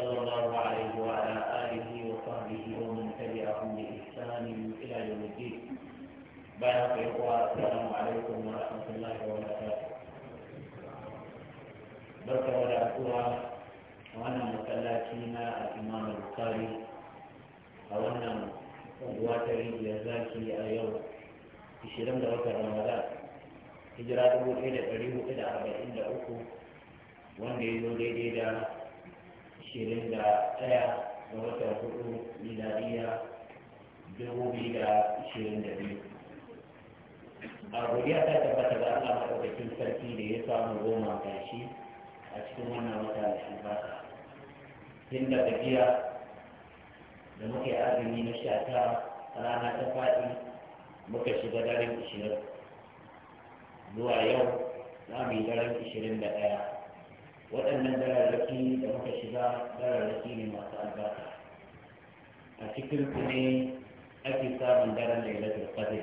صلى الله عليه وعلى آله وصحبه ومن تبعهم بإحسان إلى يوم الدين بارك الله السلام عليكم ورحمة الله وبركاته بركة ولا أقوى وأنا مسلاتينا الإمام البخاري وأنا واتري جزاكي اليوم 20 watan Ramadan hijira 1443 wanda ya zo daidai da ashirin da ɗaya ga watan hudu miladiya dubu biyu da ashirin da biyu a godiya ta tabbata da Allah maɗaukakin sarki da ya samu goma gashi a cikin wannan wata da shugaba. tun da gajiya da muke azumi na sha ta rana ta faɗi muka shiga daren ishirin zuwa yau za mu yi daren ishirin da ɗaya waɗannan dararraki da muka shiga dararraki ne masu albarka a cikin su ne ake samun daren lailatul qadr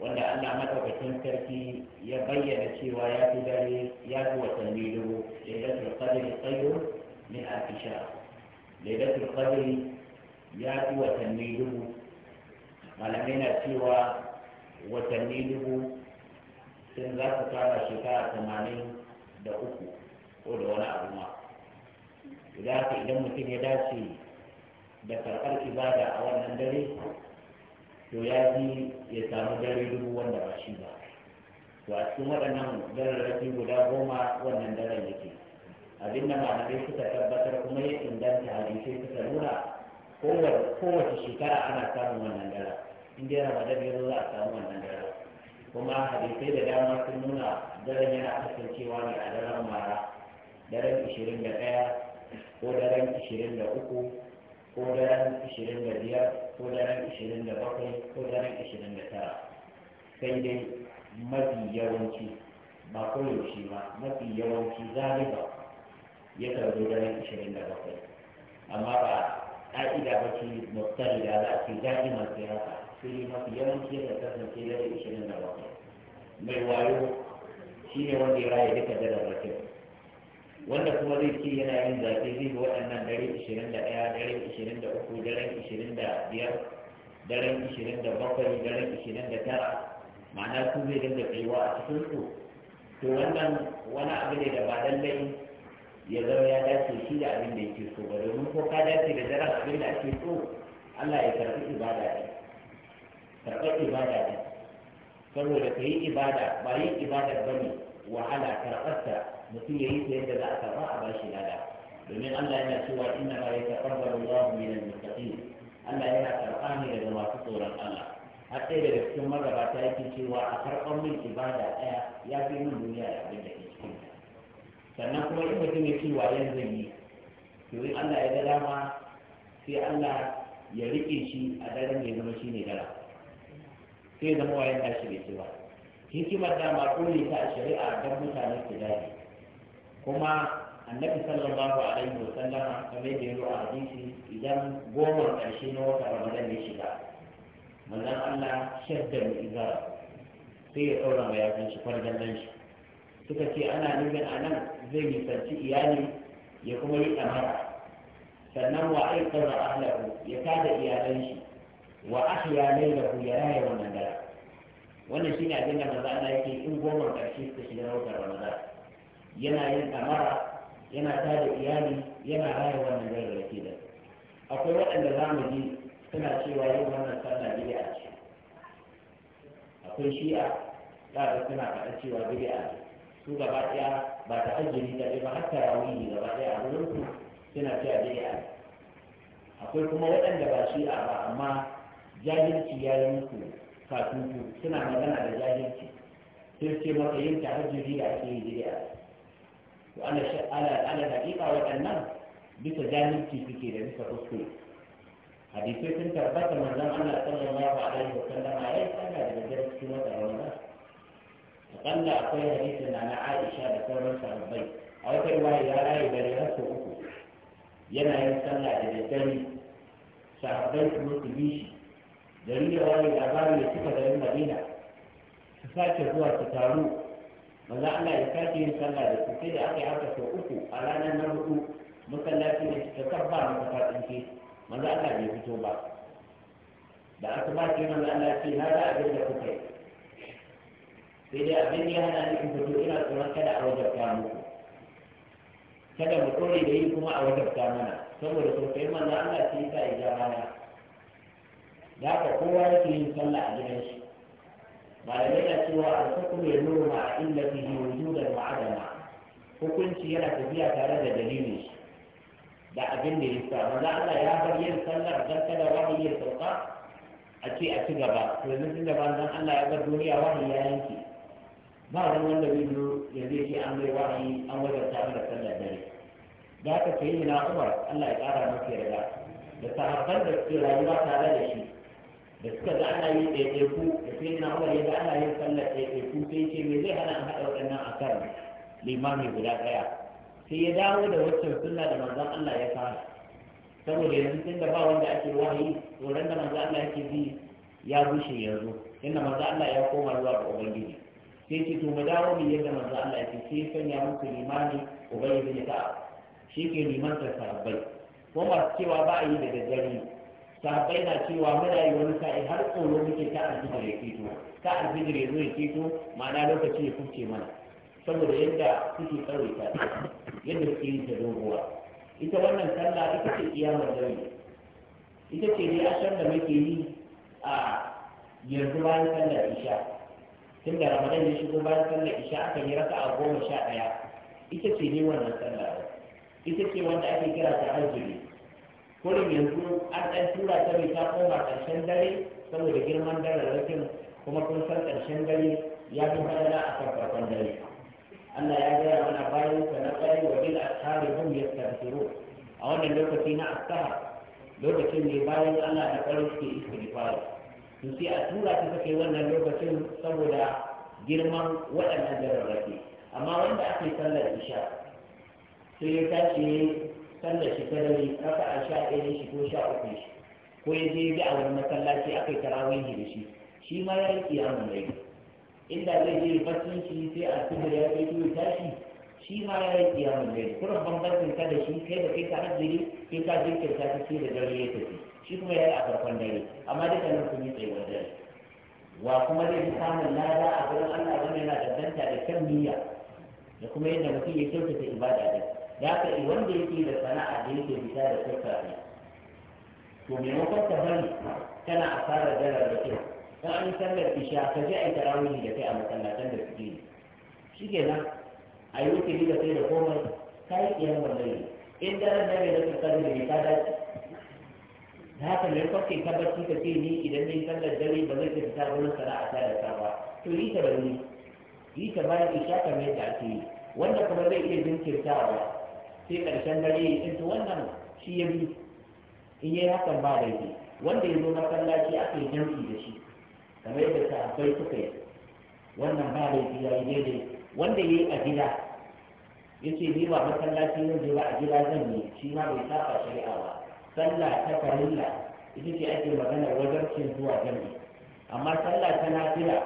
wanda Allah madaukakin sarki ya bayyana cewa ya fi dare ya fi watanni dubu lailatul qadr khairu min alf shahr qadr ya fi watanni dubu malamai na cewa watanni dubu sun za su kama shekara tamanin da uku ko da wani abu ma idan ka idan mutum ya dace da karɓar ibada a wannan dare to ya fi ya samu dare dubu wanda ba shi ba to a cikin waɗannan dararraki guda goma wannan daren yake abin da malamai suka tabbatar kuma ya inganta hadisai suka nuna kowace shekara ana samun wannan dara in dai ramadan ya zo za a samu wannan dara kuma hadisai da dama sun nuna daren yana kasancewa ne a daren mara daren 21 ko daren 23 ko daren 25 ko daren 27 ko daren 29 sai dai mafi yawanci ba koyaushe ba mafi yawanci zaliba ya karbi daren 27 amma ba ƙa'ida ba ce mutane da za a ce da'imar sai haka sai mafi yawanci ya kasance daren 27 mai wayo shi ne wanda ya raya duka daren rakin wanda kuma zai ce yana yin zafi zai bi waɗannan dare 21 dare 23 da 25 dare 27 da 29 ma'ana su zai dinga tsayuwa a cikin su to wannan wani abu ne da ba lallai ya zama ya dace shi da abin da yake so ba domin ko ka dace da daren abin da ake so Allah ya karɓi ibada ne karɓar ibada ne saboda ka yi ibada ba yin ibada ba ne wahala karɓar mutum ya yi ta yadda za a karɓa a bashi lada domin Allah yana cewa inna ma yataqabbalu Allahu min al-muttaqin Allah yana karɓa ne daga masu tsoron Allah har sai daga cikin magabata yake cewa a karɓar min ibada ɗaya ya fi min duniya da abin da ke cikin sannan kuma in mutum ya ce wa yanzu yi to in Allah ya ga dama sai Allah ya riƙe shi a daren da ya zama shi ne dara sai zama wayan tashi bai ce ba hikimar dama ƙone ta a shari'a don mutane su dace kuma annabi sallallahu alaihi wa sallama kamar da yaro a hadisi idan goma karshe na wata ramadan ya shiga manzon Allah shadda mu izara sai ya daura mai yakin shi fargan nan shi suka ce ana nufin a nan zai nisanci iyali ya kuma yi ɗamara sannan wa aikata ahlahu ya kada iyalan shi wa ahya lailahu ya raya wannan dara wannan shine abin da manzo Allah yake in goma karshe suka shiga na wata ramadan yana yin amara yana tada iyali yana raya wannan gari da akwai waɗanda za mu ji suna cewa yin wannan sallah bid'a ce akwai shi'a za ga suna faɗa cewa bid'a ce su gaba ɗaya ba ta ajiyar da ba har ne gaba ɗaya a wurin su suna cewa bid'a ce akwai kuma waɗanda ba shi'a ba amma jahilci ya yi musu su suna magana da jahilci sai ce maka yin ajiyar da ake yi bid'a ce to ala hakika waɗannan bisa jahilci suke da bisa kuskure hadisai sun tabbata manzon Allah sallallahu alaihi wa sallam ya yi tsada da gajar cikin wata rauna akalla akwai hadisin na na Aisha da sauran sahabbai a wata riwaya ya rayu dare har sau uku yana yin sallah da daddare sahabbai kuma su bi shi gari da wani labari ya cika garin Madina su sake zuwa su taru maza Allah ya sake yin sallah da su sai da aka yi haka sau uku a ranar na hudu masallaci ne ta tabba na faɗin ke maza Allah bai fito ba da aka ba ke maza Allah ce na za a ga da kuka yi sai dai abin ya hana ni in fito ina tsoron kada a wajen ta muku kada mu kore da yi kuma a wajen ta mana saboda sosai maza Allah ce ya sa ya ja rana da aka kowa yake yin sallah a gidan shi malamai na cewa al noma a ma'a illatihi wujudan wa adama hukunci yana tafiya tare da dalili da abin da ya sa maza Allah ya bar yin sallar dan kada wani ya sauka a ce a ci gaba to yanzu tun da don Allah ya bar duniya wani ya yanke ba wani wanda zai zo yanzu ya ce an mai wani an sallar dare da haka sai na Umar Allah ya kara masa yarda da sahabban da suke rayuwa tare da shi da suka ga ana yi ɗaiɗaiku da sai na umar ya ga ana yin sallar ɗaiɗaiku sai ce me zai hana a haɗa waɗannan a kan limami guda ɗaya sai ya dawo da waccan sunna da manzon Allah ya fara saboda yanzu tun da ba wanda ake wahayi tsoron da manzon Allah yake bi ya rushe yanzu inda manzon Allah ya koma zuwa ga ubangiji sai ce to mu dawo mu yadda manzon Allah yake sai ya sanya muku limami ubangiji ta shi ke limantar sahabbai ko masu cewa ba a yi da daddare sahabbai na cewa muna yi wani sa'i har tsoro muke ta alfijir ya keto ta alfijir ya zo ya keto ma'ana lokaci ya kuke mana saboda yadda suke tsaro ta yadda suke yi ta doguwa ita wannan sallah ita ce kiyamar dare ita ce dai ashar da muke yi a yanzu bayan sallar isha tun da ramadan ya shigo bayan sallar isha aka yi raka a goma sha ɗaya ita ce ne wannan sallah ita ce wanda ake kira ta azumi kurin yanzu an ɗan tura ta mai ta koma ƙarshen dare saboda girman dararrakin kuma kun san ƙarshen dare ya fi hadara a kan farkon dare Allah ya gaya mana bayan ka na ƙwarai wa bil ashari hum yastaghfiru a wannan lokaci na asaha lokacin ne bayan Allah da ƙwarai suke istighfar to sai a tura ta take wannan lokacin saboda girman waɗannan dararraki amma wanda ake sallar isha sai ya tashi sallar shi ta dare raka a sha ɗaya shi ko sha uku shi ko ya je ya a wani masallaci aka yi shi da shi shi ma ya yi kiyamun rai inda zai je bacin shi sai a sibir ya kai tuyo tashi shi ma ya yi kiyamun rai kuma bambancin ka da shi kai da kai ka hajjiri kai ka jinkirta ta ce da dare ya tafi shi kuma ya yi a farkon dare amma duka nan sun yi tsayuwar dare wa kuma zai fi samun lada a gurin Allah wanda yana danganta da kan niyya da kuma yadda mutum ya kyautata ibada da da haka wanda yake da sana'a da yake fita da sassafe to maimakon ka bari kana a fara darar da kyau in an sallar isha ka je a yi tarawihi da kai a masallatan da suke yi shi ke nan a yi wuce da kai da komai ka yi ƙiyar mallari in daren da mai da kasar da ne ka dace da haka mai kwakke tabbaci ka ce ni idan na sallar dare ba zai tafi ta wani sana'a ta da ta ba to yi ta bari yi ta bayan isha kamar yadda ake yi wanda kuma zai iya jinkirtawa sai ƙarshen dare ya tsinta wannan shi ya bi in yi hakan ba daidai wanda ya zo masallaci aka yi jamfi da shi kamar yadda sahabbai suka yi wannan ba laifi ya yi daidai wanda ya yi a gida ya ce ni ba masallaci zan ba a gida zan yi shi ma bai saba shari'a ba sallah ta farilla ita ce ake wajen cin zuwa jamfi amma sallah ta nafila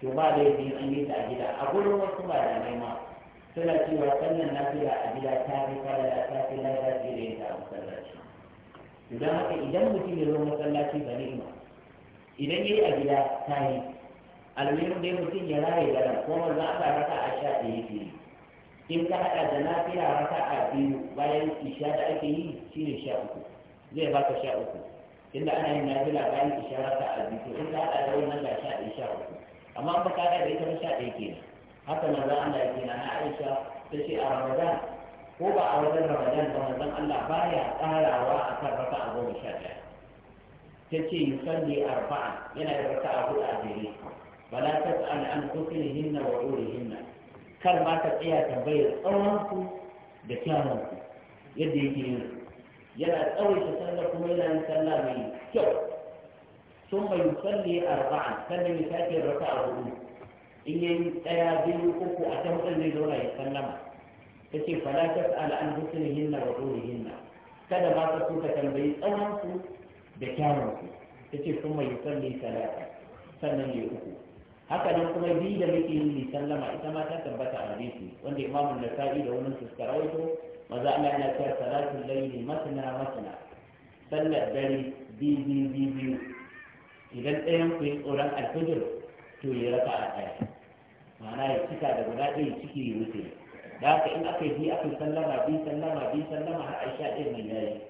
to ba laifi an yi ta a gida a gurin wasu da ma suna cewa sannan nafila a gida ta fi da ta fi lada fi da yadda a masallaci idan haka idan mutum ya zo masallaci ba ni'ima idan ya yi a gida ta yi alwiyar dai mutum ya raye garan ko manzo aka raka a sha da ya yi in ka haɗa da na nafila raka a biyu bayan isha da ake yi shi ne sha uku zai baka sha uku inda ana yin nafila bayan isha raka a biyu in ka haɗa da wannan ga sha ɗaya sha uku amma ba ka haɗa da ita ba sha ɗaya kenan haka zan Allah ya ce na Aisha ta ce a Ramadan ko ba a wajen Ramadan ba manzon Allah baya karawa a kan akan a goma sha ɗaya ta ce yusalli arba'a yana da a hudu a jere ba na ta tas'al an hinna wa ɗori hinna kar ma ta tsaya tambayar tsawon ku da kyawun yadda yake yin yana tsawaita sallah kuma yana yin sallah mai kyau sun bai yusalli arba'a sannan ya sake raka'a huɗu in yayi ɗaya biyu uku a can zai zauna ya sallama ta ce fala ta sa'ala an husnihin na wa hinna kada ba ka so tambayi tsawon su da kyawun su ta ce kuma yi salli salata sannan ya uku haka nan kuma biyu da muke yin yi sallama ita ma ta tabbata a hadisi wanda imamu nasa'i da wani suka rawaito maza Allah yana cewa salatul layli masna masna sallar dare biyu biyu biyu idan ɗayan ku yi tsoron alfijir to ya raka a ɗaya ma'ana ya cika da guda ɗaya ciki ya wuce da haka in aka yi aka sallama bi sallama bi sallama har aisha ɗaya mai yayi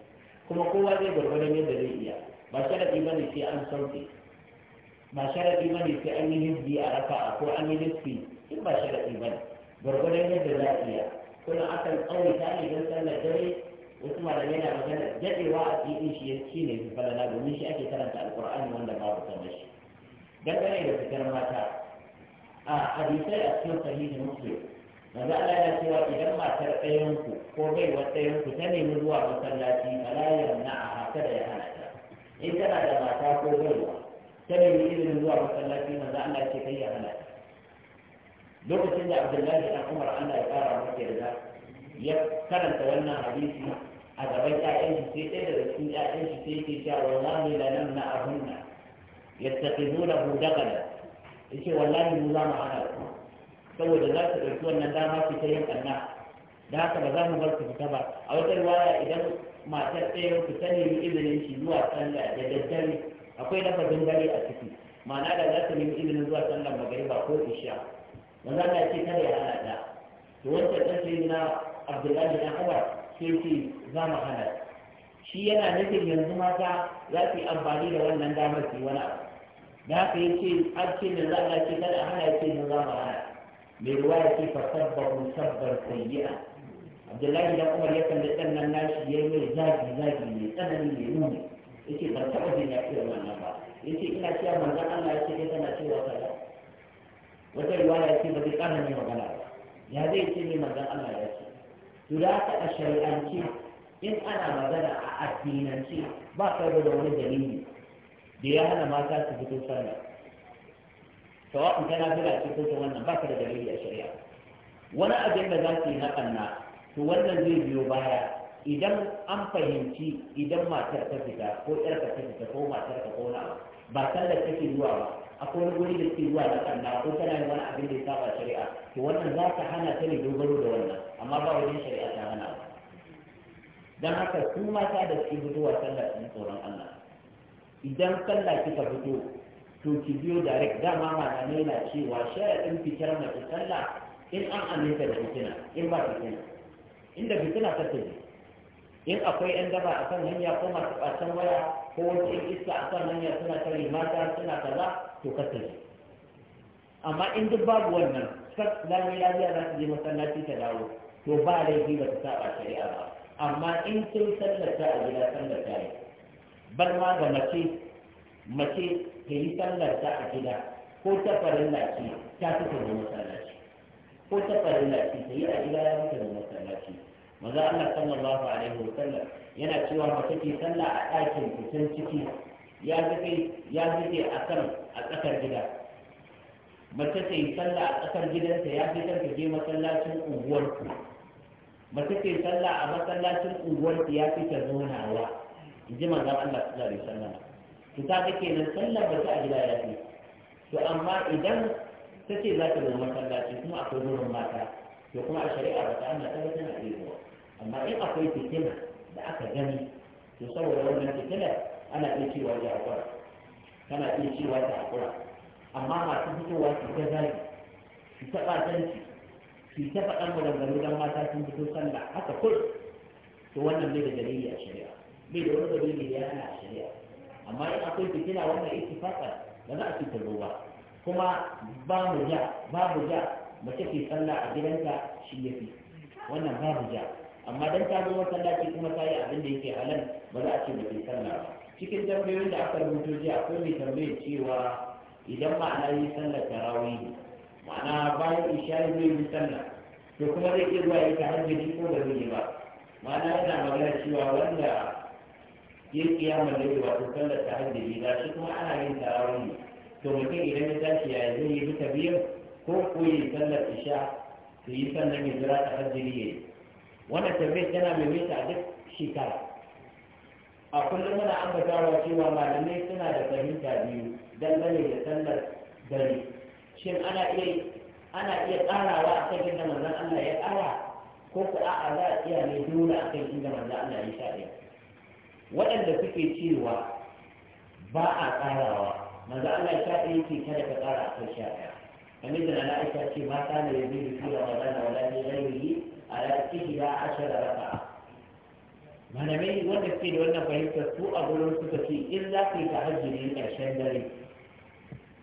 kuma kowa zai gwargwadon yadda zai iya ba sharaɗi ba ne sai an sauke ba sharaɗi ba ne sai an yi hizbi a a ko an yi hizbi in ba sharaɗi ba ne gwargwadon yadda za a iya kuma akan ta ne don sallar dare wasu malamai na magana daɗewa a cikin shi shi ne falala domin shi ake karanta alƙur'ani wanda babu kamar shi dangane da fitar mata a hadisai a cikin sahihi muslim maza Allah ya cewa idan matar ɗayanku ko bai wa ɗayanku ta nemi zuwa masallaci fala na a haka da ya hana ta in tana da mata ko baiwa ta nemi izinin zuwa masallaci maza Allah ce kai ya hana ta lokacin da Abdullahi dan Umar Allah ya fara masa yarda ya karanta wannan hadisi a gaban ƴaƴan shi sai ɗaya daga cikin ƴaƴan shi sai yake cewa wallahi la namna ahunna yattaqizunahu daqala yace wallahi mu za mu hana ku saboda za su ɗauki wannan dama su ta yin ɓanna da haka ba za mu bar su fita ba a wata riwaya idan matar ɗaya ku ta nemi izinin shi zuwa sallah da daddare akwai dafa dare a ciki ma'ana da za ta nemi izinin zuwa sallah magariba ko isha ba za ta ce kada ya hana da to wancan ɗan sai na abdullahi na umar sai ce za mu hana shi yana nufin yanzu mata za su yi amfani da wannan damar su wani abu na ka ya ce an ce ne za a ce kada hana ya ce ne za mu hana mai ruwa ya ce fa sabbar yi sayyi'a abdullahi da umar ya kalli dan nan nashi ya yi mai zagi zagi mai tsanani mai nuna. ya ce ban taɓa jin ya irin wannan ba ya ce ina cewa manzan allah ya ce dai tana cewa kaza wata ruwa ya ce ba zai ƙara ne magana ba ya zai ce ne manzan allah ya ce to da haka a shari'ance in ana magana a addinance ba ka da wani dalili da ya hana mata su fito sallah sawa'un tana fila ce ko wannan ba ka da dalili a shari'a wani abin da za su yi na kanna to wannan zai biyo baya idan an fahimci idan matar ta fita ko ka ta fita ko matar ka kona ba ba sallar take zuwa ba akwai wani guri da suke zuwa na kanna ko tana yin wani abin da ya saba shari'a to wannan za ka hana ta ne dogaro da wannan amma ba wajen shari'a ta hana ba Dan haka su mata da suke fitowa sallar sun tsoron Allah idan sallah kika fito to ki biyo direct dama ne na cewa sha'adin fitar mace sallah in an aminta da fitina in ba fitina inda fitina ta ce in akwai yan daba a kan hanya ko masu ɓacin waya ko wata iska a kan hanya suna tare mata suna kaza to ka amma in duk babu wannan sak lami lafiya za su je masallaci ta dawo to ba laifi ba su saba shari'a ba amma in sun sallata a gida sallata ne bar ma ga mace mace ta yi sallar ta a gida ko ta farilla lafi ta fi ta masallaci ko ta farilla lafi ta yi a gida ya fi ta masallaci maza Allah sallallahu alaihi wa sallam yana cewa mace ke sallah a ɗakin kusan ciki ya zuke ya zuke a kan a tsakar gida mace ta yi sallah a tsakar gidanta ya fi ta je masallacin unguwarku mace ta yi sallah a masallacin unguwarku ya fi ta zaunawa in ji manzan Allah su zari sallama. to ta ke nan sallar ba ta a gida ya fi to amma idan ta ce za ta zama masallaci kuma akwai wurin mata to kuma a shari'a ba ta ta tabbatar da iya zuwa amma in akwai fitina da aka gani to saboda wannan fitinar ana iya cewa ta haƙura kana iya cewa ta haƙura amma masu fitowa su ta zari su ta ɓatanci su ta faɗan maganganu don mata sun fito sallah haka kul to wannan ne da dalili a shari'a bai da wani dalili ya hana shari'a amma in akwai fitina wannan fata da za a fitar ba kuma babu ja babu ja mace ke sallah a gidanta shi ya fi wannan babu ja amma dan ta zo masallaci kuma ta yi abin da yake halal ba za a ce mace sallah ba cikin tambayoyin da aka rubuto jiya akwai mai tambayar cewa idan ma'ana yi sallar tarawih ma'ana bayan isha'i zai yi sallah to kuma zai iya zuwa yi tahajjudi ko da zai yi ba ma'ana yana magana cewa wanda yin kiyamar da wato sallar ta hajji da shi kuma ana yin tarawih ne to mutum idan ya tashi ya zai yi duka biyan ko koyi sallar isha su yi sannan ya jira ta hajji ne wannan tafiya tana mai mita a duk shekara a kullum muna ambatawa cewa malamai suna da fahimta biyu dangane da sallar dare shin ana iya ana iya tsarawa a kan inda manzon Allah ya tsara ko ku a'a za a iya ne dole a kan inda manzon Allah ya sha waɗanda suke cewa ba a ƙarawa manzo Allah ya shaɗe yake kada ka ƙara a kai sha ɗaya kamar da na aisha ce ma ta ne yanzu da kira wa zana wa lafi rairi a rafi ya ashara raka. malamai wanda suke da wannan fahimtar su a gurin suka ce in za ka yi ta hajji ne ƙarshen dare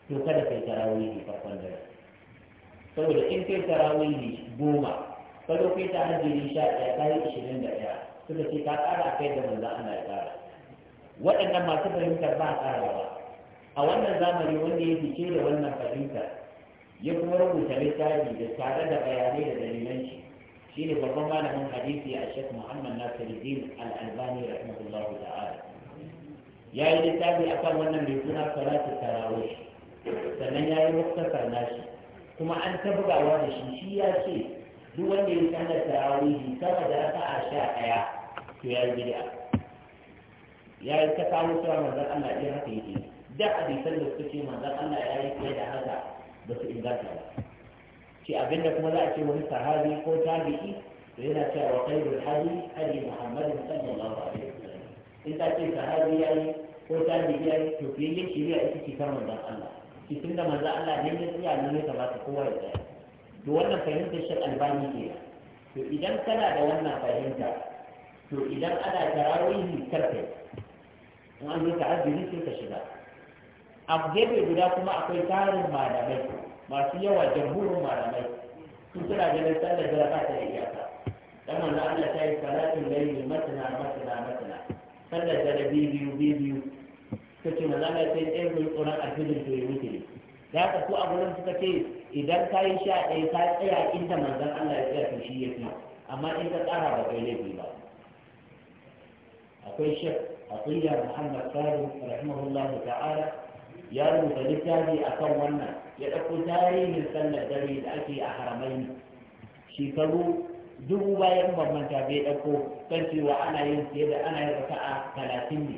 to kada ka yi tarawih ne farkon dare saboda in kai tarawih ne goma ka zo ta hajji ne sha ɗaya ka yi ishirin da ɗaya suka ce ka a kai da manzon Allah ya waɗannan masu fahimtar ba ba. a wannan zamani wanda ya fice da wannan fahimta ya kuma rubuta littafi da tare da bayanai da dalilan shi shine babban malamin hadisi a Sheikh Muhammad Nasiruddin Al-Albani rahimahullahu ta'ala ya yi littafi akan wannan mai suna salatu tarawih sannan ya yi muktasar nashi kuma an ta bugawa da shi shi ya ce duk wanda ya sallar tarawih sama da raka'a sha ɗaya to ya yi bid'a ya yi ta kawo cewa manzan Allah ya haka yake da hadisan da ce manzan Allah ya yi fiye da haka ba su inganta ba ce abinda kuma za a ce wani sahabi ko tabi'i to yana cewa wa khairul hadi hadi muhammadin sallallahu alaihi wasallam in ta ce sahabi ya yi ko tabi'i ya yi to fiye yin shari'a ita ce ta manzon Allah shi da manzan Allah ne ya tsaya ne ya kamata kowa ya tsaya to wannan fahimtar shi albani ke to idan kana da wannan fahimta to idan ana tarawihi karfe in an zo ta'azzuri sai ka shiga a gefe guda kuma akwai tarin malamai masu yawa jamhurin malamai su suna ganin sallar da ba ta da iyaka dan wanda Allah ta yi salatin laili matana matana matana sallar da biyu biyu ta ce manzo Allah sai ɗaya mai tsoron alfijir to ya mutu da haka ko a gurin suka ce idan ka yi sha ɗaya ka tsaya inda manzon Allah ya tsaya to shi ya fi amma in ka tsara ba kai laifi ba akwai shek abdullah muhammad salim rahimahullah ta'ala ya rubuta littafi a kan wannan ya ɗauko tarihin sallar dare da ake a haramai shekaru dubu bayan bambanta bai ɗauko kan cewa ana yin fiye da ana yin a talatin ne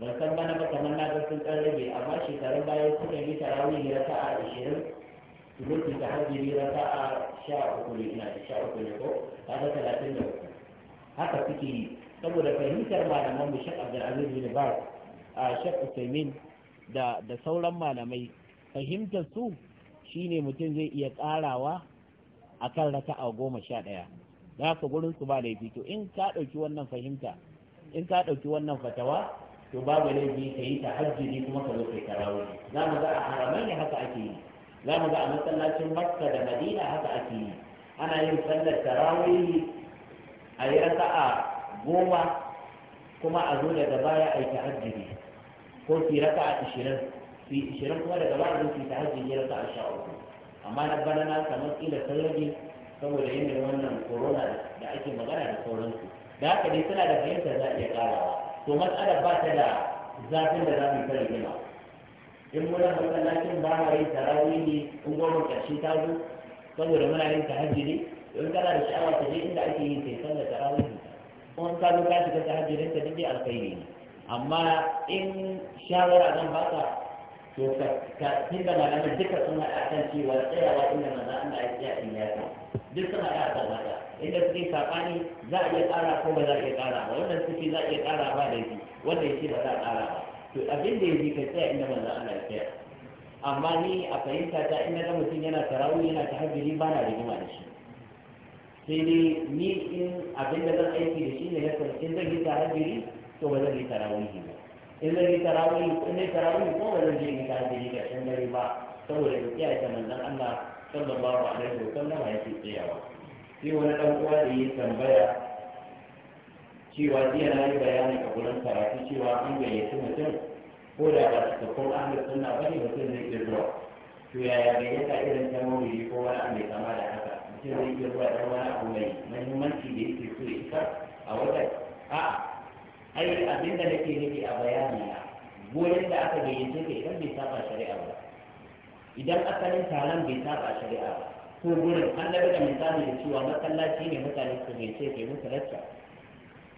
ban san bana ba kamar na ga sun ɗan rage amma shekarun bayan suka yi tarawih raka'a ashirin su zo ta hajjiri raka'a sha uku ne ina sha uku ne ko kaga talatin da uku haka suke yi saboda fahimtar malaman mu Sheikh Abdulaziz bin Bar a Sheikh Usaimin da da sauran malamai fahimtar su shine mutum zai iya karawa akan a goma sha ɗaya da haka gurin su ba laifi to in ka ɗauki wannan fahimta in ka ɗauki wannan fatawa to babu laifi ka yi ta hajjiri kuma ka zo kai tarawih za mu ga a haramai ne haka ake yi za mu ga a masallacin makka da madina haka ake yi ana yin sallar tarawih a yi raka'a goma kuma a zo daga baya a yi tahajjudi ko fi raka a ishirin fi ishirin kuma daga baya zo ki tahajjudi raka a sha uku amma na bana na kamar kila sun rage saboda da wannan corona da ake magana da sauransu da haka dai suna da fahimtar za a iya karawa to matsalar ba ta da zafin da za mu ta rigima in muna masallacin ba ma yi tarawihi in goma ƙarshe ta zo saboda muna yin tahajjudi alkhairi ne amma in shawara zan baka to ka na malamai duka sun a kan cewa wa inda zan Allah ya tsaya ya ka duk sun haɗa kan haka inda suke saɓani za a iya ƙara ko ba za a iya ƙara ba wannan suke za a iya ƙara ba da shi wanda ya ce ba za a ƙara ba to abin da ya ji ka tsaya inda manzo Allah ya tsaya amma ni a fahimta ta ina ga mutum yana tarawih yana tahajjudi ba na rigima da shi sai dai ni in abin da zan aiki da shi ne na sarkin zan yi tahajjudi to ba zan yi ne ba in zan yi tarawihi in yi tarawihi ko ba zan je in ka da ga gashin dare ba saboda in kiyaye ta manzon Allah sallallahu alaihi wa sallam ya ce tsayawa sai wani dan uwa da yi tambaya cewa jiya na yi bayani a gurin karatu cewa an gayyaci mutum ko da ba su tafi ahlus sunna ba mutum zai iya zuwa to yaya gayyata irin ta mawuri ko wani abu mai kama da haka mutum zai iya zuwa dan wani abu mai muhimmanci da yake so ya isa a wata a'a ai abin da nake nake a bayani na goyon da aka gayyace ka idan bai saba shari'a ba idan asalin taron bai saba shari'a ba ko gurin an daga da misali da cewa masallaci ne mutane su gayyace ke musu lacca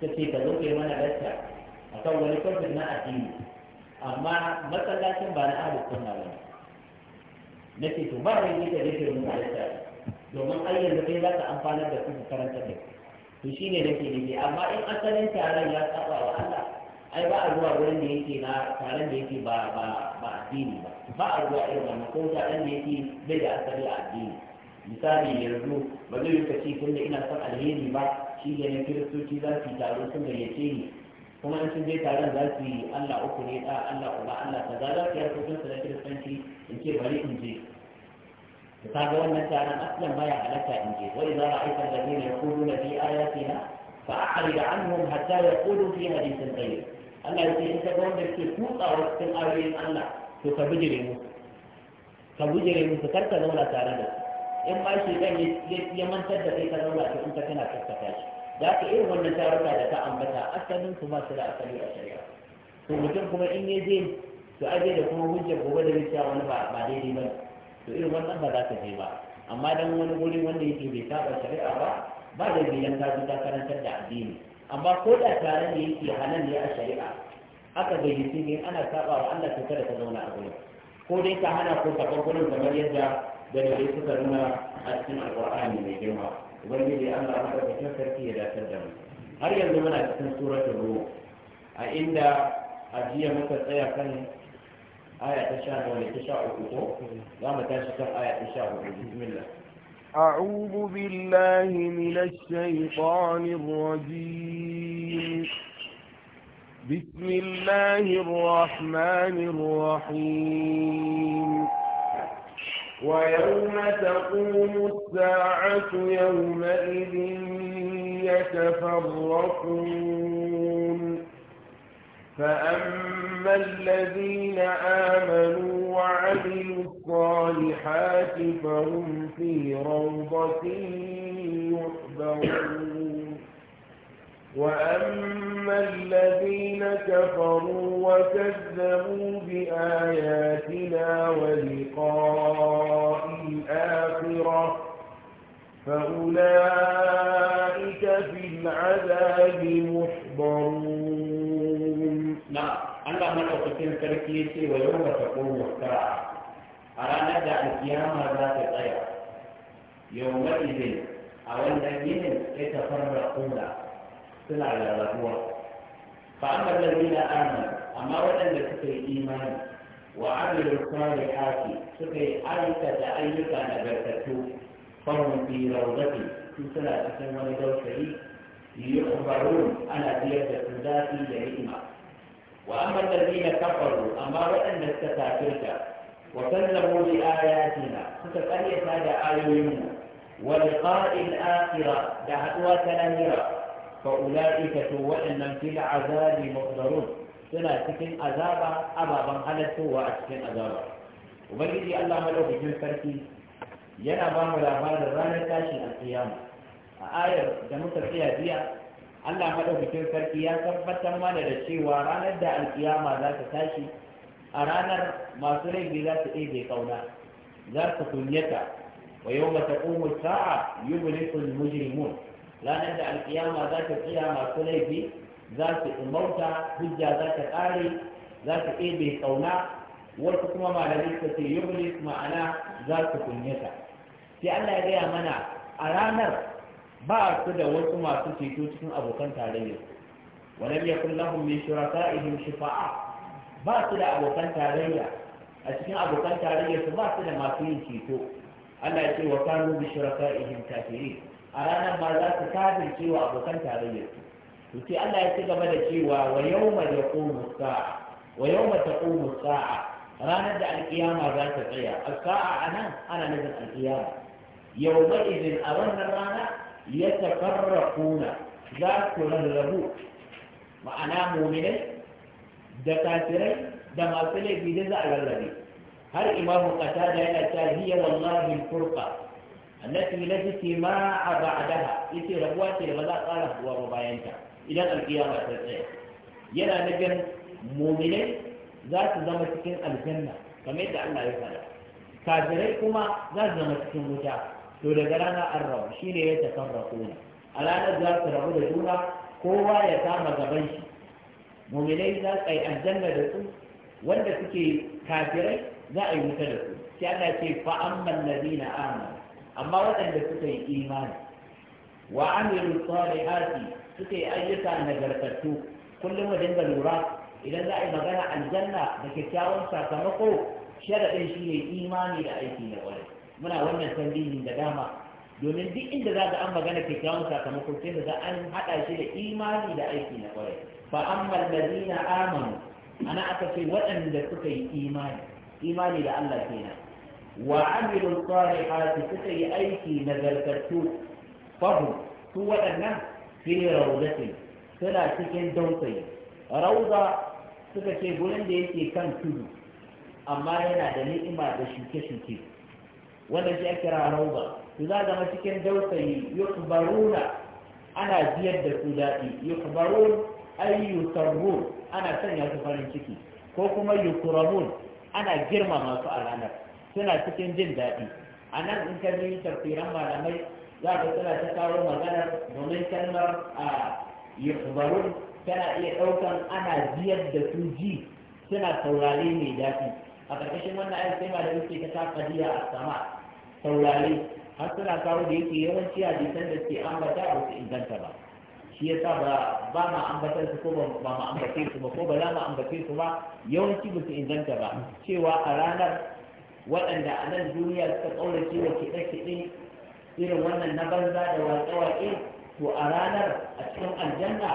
ta ce ka zo kai mana lacca akan wani kwafin na addini amma masallacin ba na ahlus sunna ba ne ce to ba rai ne da nake musu lacca domin ayyanzu sai kai za ka amfanar da su karanta da kai to shi ne nake amma in asalin taron ya saba wa Allah ai ba a zuwa wurin da yake na taron da yake ba ba ba addini ba ba a zuwa irin wannan ko taron da yake bai da asali a addini misali yanzu ba zai yi kaci tun da ina son alheri ba shi ne kiristoci za su taro sun gayyace ni kuma in sun je taron za su yi Allah uku ne da Allah uba Allah kaza za su yi harkokin da na kiristanci in ce bari in je فقالوا أنك أنا أسلم بيع لك إنجيل وإذا رأيت الذين يقولون في آياتنا فأعرض عنهم حتى يقولوا في حديث غير أما إذا أنت تقول لك تفوت أو أن أنا فبجرموا فبجرموا فكرت دولة تعالى إما إشي كان يمن تجد تلك دولة فأنت كنا تستفاش ذاك إيه هو النتارة لك أن بتا أسلم ثم سلا أسلم أسلم ثم تنكم إني دين فأجد كما وجب هو الذي سيارة بعد ذلك to irin wannan ba za ka je ba amma dan wani guri wanda yake bai saba shari'a ba ba da gidan ka ta karantar da addini amma ko da tare ne yake halal ne a shari'a aka gayyace ne ana saba wa Allah ta kada ka zauna a gurin ko dai ka hana ko ka bar gurin kamar yadda dalilai suka nuna a cikin alqur'ani mai girma ubangiji Allah madaukakin sarki ya dace da mu har yanzu muna cikin suratul ruh a inda a jiya muka tsaya kan آية تشاء ولتشاء كتو لما تشاء آية تشاء بسم الله أعوذ بالله من الشيطان الرجيم بسم الله الرحمن الرحيم ويوم تقوم الساعة يومئذ يتفرقون فأما الذين آمنوا وعملوا الصالحات فهم في روضة يحبرون وأما الذين كفروا وكذبوا بآياتنا ولقاء الآخرة فأولئك في العذاب محضرون قيامته في تلك الكيس ويوم تقوم الساعة ألا ندع القيامة ذات الطير يومئذ أو الذين يتفرقون سنع الرجوع فأما الذين آمنوا أما وأن سكي إيمان وعمل الصالحات سكي أيك تأيك نبتتو فهم في روضتي في سنة تسمى ولدو شريك يخبرون أنا بيدة ذاتي لإيمان وأما الذين كفروا أما وأن استكافرت وكذبوا بآياتنا فتتأليت هذا آيومنا ولقاء الآخرة دعوة تنامرة فأولئك وإن في العذاب محضرون سنة تكن أذابا أبا بن حلت وأتكن أذابا وبالذي الله ملوك جن فركي ينا بام الأعمال الرانا تاشي القيامة آية دمت فيها بيها Allah madaukakin sarki ya tabbatar mana da cewa ranar da alkiyama za ta tashi a ranar masu laifi za su ɗebe kauna za su kunyata wa yau mata ƙumu sa'a yubulikul mujrimun ranar da alkiyama za ta tsira masu laifi za su umauta hujja za ta ƙare za su ɗebe kauna wasu kuma malamai suka ce yubulik ma'ana za su kunyata sai Allah ya gaya mana a ranar ba su da wasu masu ceto cikin abokan tarayya walam yakun lahum min shuraka'ihim shifa'a ba su da abokan tarayya a cikin abokan tarayya su ba su da masu yin ceto Allah ya ce wa kanu bi shuraka'ihim kafirin a ranar ma za su kafirce wa abokan tarayya to sai Allah ya ci gaba da cewa wa yawma yaqumu sa'a wa yawma taqumu sa'a ranar da alkiyama za ta tsaya A saa anan ana nufin alkiyama yawma idin a wannan rana yatafarraquna za su rarrabu ma'ana mu'minai da kafirai da masu laifi da za a rarrabe har imamu da yana cewa hiya wallahi a furqa التي لا اجتماع بعدها rabuwa ربوا تي tsara zuwa ba bayanta, idan alkiyama ta tsaya yana nufin muminai za su zama cikin aljanna kamar yadda Allah ya faɗa kafirai kuma za su zama cikin wuta to daga rana an rabu shi ne ya tasarrafu ne a ranar za su rabu da juna kowa ya kama gaban shi muminai za a yi aljanna da su wanda suke kafirai za a yi wuta da su sai ana ce fa amman ladina amanu amma waɗanda suka yi imani wa amilu salihati suka yi ayyuka nagartattu kullum mu dinga lura idan za a yi magana aljanna da kyakkyawan sakamako sharaɗin shi ne imani da aiki na ƙwarai muna wannan tambihin da dama domin duk inda za ga an magana kyakkyawan sakamako sai da za an haɗa shi da imani da aiki na kwarai fa ammal ladina amanu ana aka ce waɗanda suka yi imani imani da Allah kenan wa amilu salihati suka yi aiki nagartattu fahu su waɗannan fi rawdati suna cikin dausayi rauda suka ce gurin da yake kan tudu amma yana da ni'ima da shuke-shuke wanda shi ake kira rauba su za zama cikin dausayi yukbaruna ana biyar da su daɗi yukbarun ay yusarrun ana sanya su farin ciki ko kuma yukramun ana girma masu a suna cikin jin daɗi a nan in ka bi malamai za ka suna ta kawo maganar domin kalmar a yukbarun tana iya ɗaukan ana biyar da su ji suna saurare mai daɗi a ƙarƙashin wannan ayat sai malamai ke ta kadiya a sama saurare har suna kawo da yake yawanci a hadisan da ke ambata ba su inganta ba shi ya sa ba ma ambatar su ko ba ma ambace su ba ko ba za ma ambace su ba yawanci ba su inganta ba cewa a ranar waɗanda a nan duniya suka ƙaurace wa kiɗe-kiɗe irin wannan na banza da waƙe-waƙe to a ranar a cikin aljanna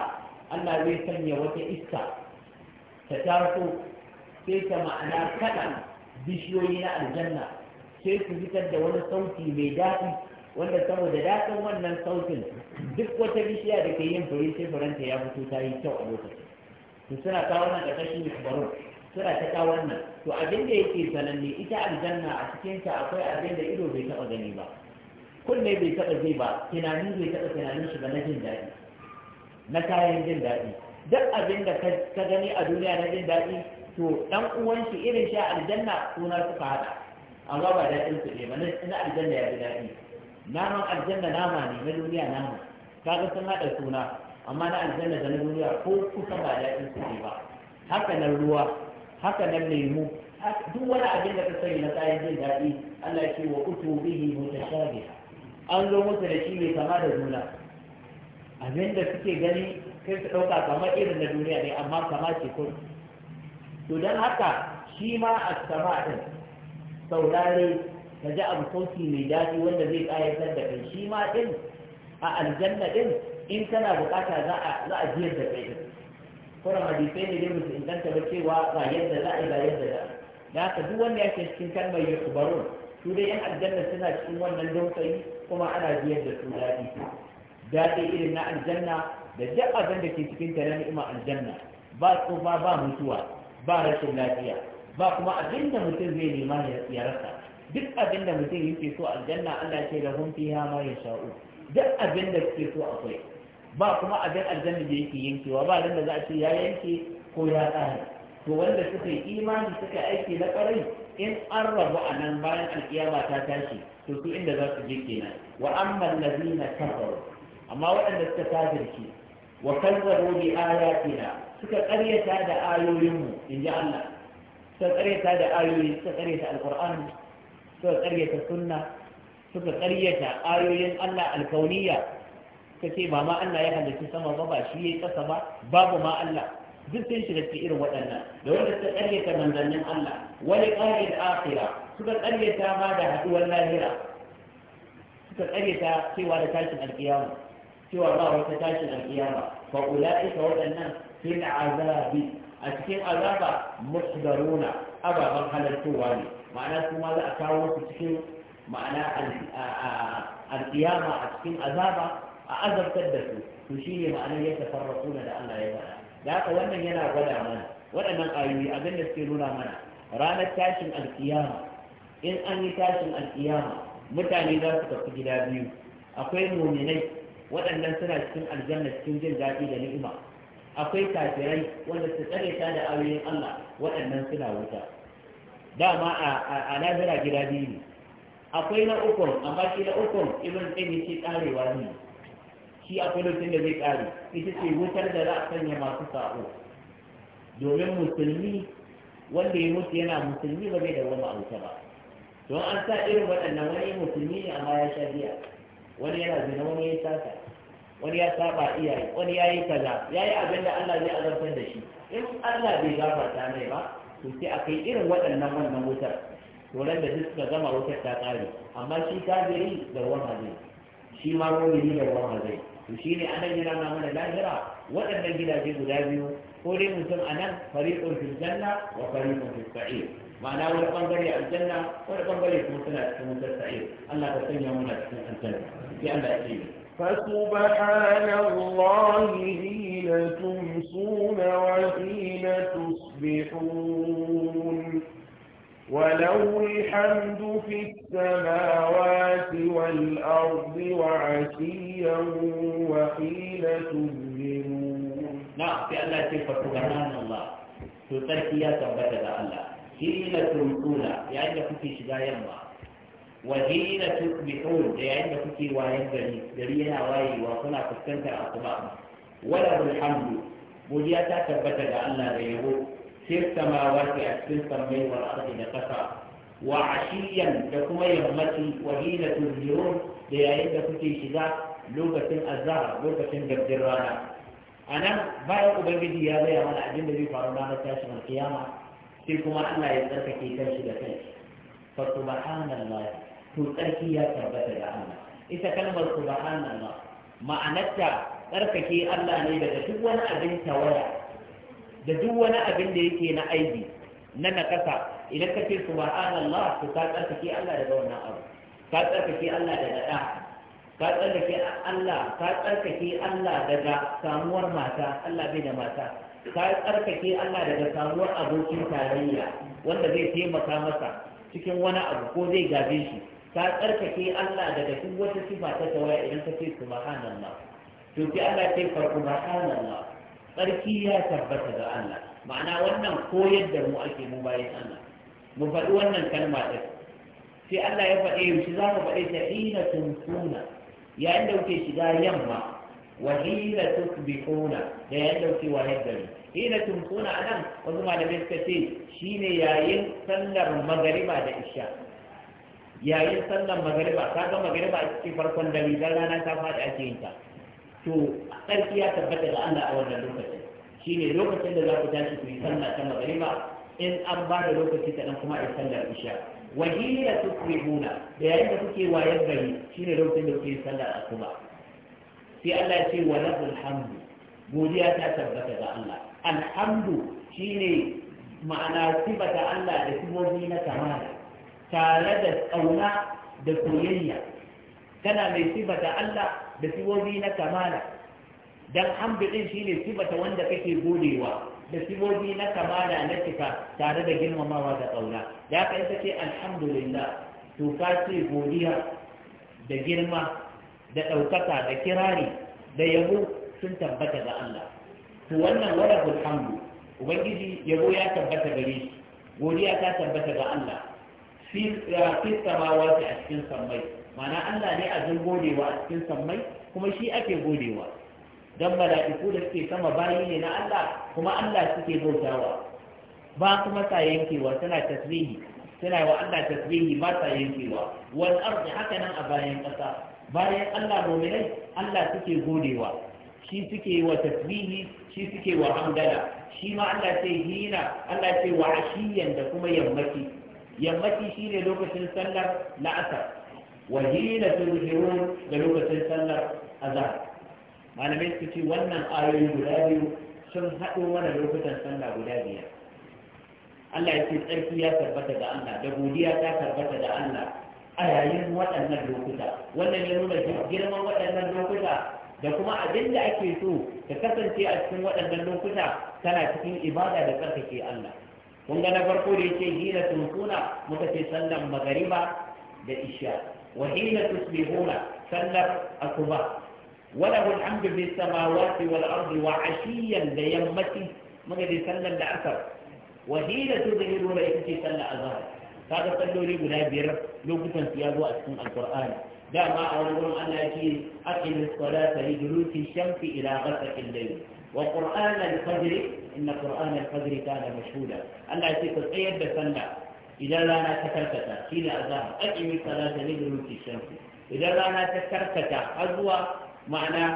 Allah zai sanya wata iska ta taso sai ta ma'ana kaɗan bishiyoyi na aljanna sai ku fitar da wani sauti mai daɗi wanda saboda daɗin wannan sautin duk wata bishiya da ke yin fure sai furenta ya fito ta yi kyau a lokacin to suna da kashi ƙarƙashin baro suna ta kawo wannan to abin da yake sananne ita aljanna a cikinta akwai abin da ido bai taɓa gani ba kunne bai taɓa zai ba tunani bai taɓa tunanin shi ba na jin daɗi na kayan jin daɗi duk abin da ka gani a duniya na jin daɗi to ɗan uwan shi irin sha aljanna suna suka haɗa amma ba daɗin su ne ba na aljanna ya fi daɗi naman aljanna nama ne na duniya nama kaga sun haɗa suna amma na aljanna da na duniya ko kusa ba daɗin su ne ba haka nan ruwa haka nan lemu duk wani abin da ka sani na kayan jin daɗi Allah ya ce wa utu bihi mutashabiha an zo musu da shi ne kama da juna abin da suke gani kai su ɗauka kamar irin na duniya ne amma kama ce kun to don haka shi ma a sama saurare ka ji abu sauti mai daɗi wanda zai ƙayatar da kai shi ma ɗin a aljanna ɗin in kana buƙata za a jiyar da kai kuma hadisai ne dai musu inganta ba cewa ba yadda za a yi yadda za da haka duk wanda cikin kalmar ya baro su dai yan aljanna suna cikin wannan dausayi kuma ana biyar da su daɗi daɗi irin na aljanna da duk abin da ke cikin ta na ni'imar aljanna ba tsufa ba mutuwa ba rashin lafiya ba kuma abin da mutum zai nema ya rasa duk abin da mutum yake so aljanna Allah ce da hun fiha ma ya sha'u duk abin da suke so akwai ba kuma abin aljanna da yake yankewa ba dan da za a ce ya yanke ko ya tsare to wanda suka yi imani suka aiki na ƙarai in an rabu a nan bayan alƙiyama ta tashi to su inda za su je kenan wa amma allazina kafaru amma waɗanda suka kafirce wa kazzabu bi ayatina suka ƙaryata da ayoyinmu in ji Allah سقريت هذا آيوي سقريت القرآن سقريت السنة سقريت آيوي أن الكونية كتيبة ما أن يحدث في السماء بابا شيء كسبا باب ما أن لا بسين شغل في إيرو وطنة لو أنت سقريت من ذنب أن لا ولقاء الآخرة سقريت ماذا هو الناهرة سقريت سوى لتاشة القيامة سوى الله وتاشة القيامة فأولئك وطنة في العذاب a cikin azaba muhdaruna ababen halartowa ne ma'ana su ma za a kawo su cikin ma'ana alƙiyama a cikin azaba a azabtar da su to ne ma'anar ya tafarraquna da Allah ya faɗa da haka wannan yana gwada mana waɗannan ayoyi abin da suke nuna mana ranar tashin alƙiyama in an yi tashin alƙiyama mutane za su tafi gida biyu akwai muminai waɗannan suna cikin aljanna cikin jin daɗi da ni'ima akwai kafirai wanda su tsare ta da auren Allah waɗannan suna wuta dama a nazira gida biyu ne akwai na ukun amma shi na ukun ibn tsayin shi karewa ne shi akwai lokacin da zai kare ita ce wutar da za a sanya masu sa'o domin musulmi wanda ya mutu yana musulmi ba zai da wani auta ba don an sa irin waɗannan wani musulmi ne amma ya sha biya wani yana zina wani ya sata wani ya saba iyaye wani ya yi kaza ya yi abin da Allah zai azabtar da shi in Allah bai gafarta mai ba to sai a kai irin waɗannan wannan wutar to ran da duk suka gama wutar ta ƙare amma shi gari da ruwan hazai shi ma mu'mini da ruwan hazai to shi ne anan yana na mana lahira waɗannan gidaje guda biyu ko dai mutum a nan fariƙun fil janna wa fariƙun fil ma'ana wani bangare aljanna wani ɓangare kuma suna cikin wutar sa'ir Allah ka sanya muna cikin aljanna sai Allah ya ce فسبحان الله حين تمسون وحين تصبحون وله الحمد في السماوات والأرض وعشيا وحين تظلمون نعم في الله كيف سبحان الله تتركيا تبتدى الله حين تمسون يعني في شدايا الله وحين da yayin da kuke wayan gari gari yana wayewa kuna fuskantar asuba wala alhamdu godiya ta tabbata ga Allah da yabo sai samawati a cikin sammai wal ardi da kasa wa ashiyan da kuma yammaci wahina hina tuzhirun da yayin da kuke shiga lokacin azhar lokacin gardin rana anan bayan ubangiji ya gaya mana abin da zai faru ranar tashin alkiyama sai kuma Allah ya tsarkake kanshi da kanshi fa subhanallahi to tsarki ya tabbata da Allah ita kalmar subhanallah ma'anarta tsarkake Allah ne daga duk wani abin tawaya da duk wani abin da yake na aibi na nakasa idan ka ce subhanallah to ka tsarkake Allah daga wannan abu ka tsarkake Allah daga da ka tsarkake Allah ka tsarkake Allah daga samuwar mata Allah bai da mata ka tsarkake Allah daga samuwar abokin tarayya wanda zai taimaka masa cikin wani abu ko zai gabe shi ka tsarkake Allah daga duk wata sifa ta tawaya idan ka ce subhanallah to sai Allah ce fa subhanallah tsarki ya tabbata ga Allah ma'ana wannan koyar da mu ake mu bayan Allah mu faɗi wannan kalma sai Allah ya faɗe yaushe za ka faɗe ta ina tuntuna yayin da kuke shiga yamma wa hila tusbihuna da yayin da kuke wayar gari hila tuntuna anan wasu malamai suka ce shine yayin sallar magariba da isha yayin sallan magariba ka ga magariba a cikin farkon dare dan rana ta faɗi ake yin ta to sarki ya tabbata da Allah a wannan lokacin shine lokacin da za ku tashi ku yi sallah ta magariba in an ba da lokaci ta dan kuma a yi sallar isha wa hila tusbihuna da yayin da kuke wayar gari shine lokacin da kuke yi sallar asuba sai Allah ya ce wa lahul hamdu godiya ta tabbata ga Allah alhamdu shine ma'ana sifata Allah da sibobi na kamala tare da tsauna da soyayya tana mai sifata Allah da siwobi na kamala dan hamdu shi ne sifata wanda kake godewa da siwobi na kamala na cika tare da girmamawa da tsauna da haka ita ce alhamdulillah to ka ce godiya da girma da ɗaukaka da kirari da yabo sun tabbata ga Allah to wannan wala hamdu ubangiji yabo ya tabbata gare shi godiya ta tabbata ga Allah fi a cikin sammai mana Allah ne a zan godewa a cikin sammai kuma shi ake godewa dan mala'iku da suke sama bayi ne na Allah kuma Allah suke bautawa ba kuma sa yankewa suna tasbihi suna wa Allah tasbihi ba sa yankewa wal ardi haka nan a bayan kasa bayan Allah mu'minai Allah suke godewa shi suke wa tasbihi shi suke wa hamdala shi ma Allah sai hina Allah sai wa ashiyan da kuma yammaci yammaci shine lokacin sallar la'asar wahila hina da lokacin sallar azhar malamai su ce wannan ayoyi guda biyu sun haɗo mana lokutan sallah guda biyar Allah ya ce tsarki ya tabbata da Allah da godiya ta tabbata da Allah a yayin waɗannan lokuta wannan ya nuna girman waɗannan lokuta da kuma abin da ake so ta kasance a cikin waɗannan lokuta tana cikin ibada da tsarkake Allah kun ga na farko da yake hina tunkuna muka ce sallan magariba da isha wa hina tusbihuna sallar asuba wala hul hamdu bis samawati wal ardi wa ashiyan da yammati muka ce sallan da asar wa hina tudhiruna ita ce sallar azhar kaga salloli guda biyar lokutan su ya zo a cikin alqur'ani dama a wani gurin Allah ya ce aqimis salata li duluki shamsi ila ghasaqil layl وقرآن الفجر إن قرآن الفجر كان مشهودا الله يسيك الأيد بسنة إذا لا نتكركت حين أذاها أجمي صلاة نجر في الشمس إذا لا نتكركت أزوى معنى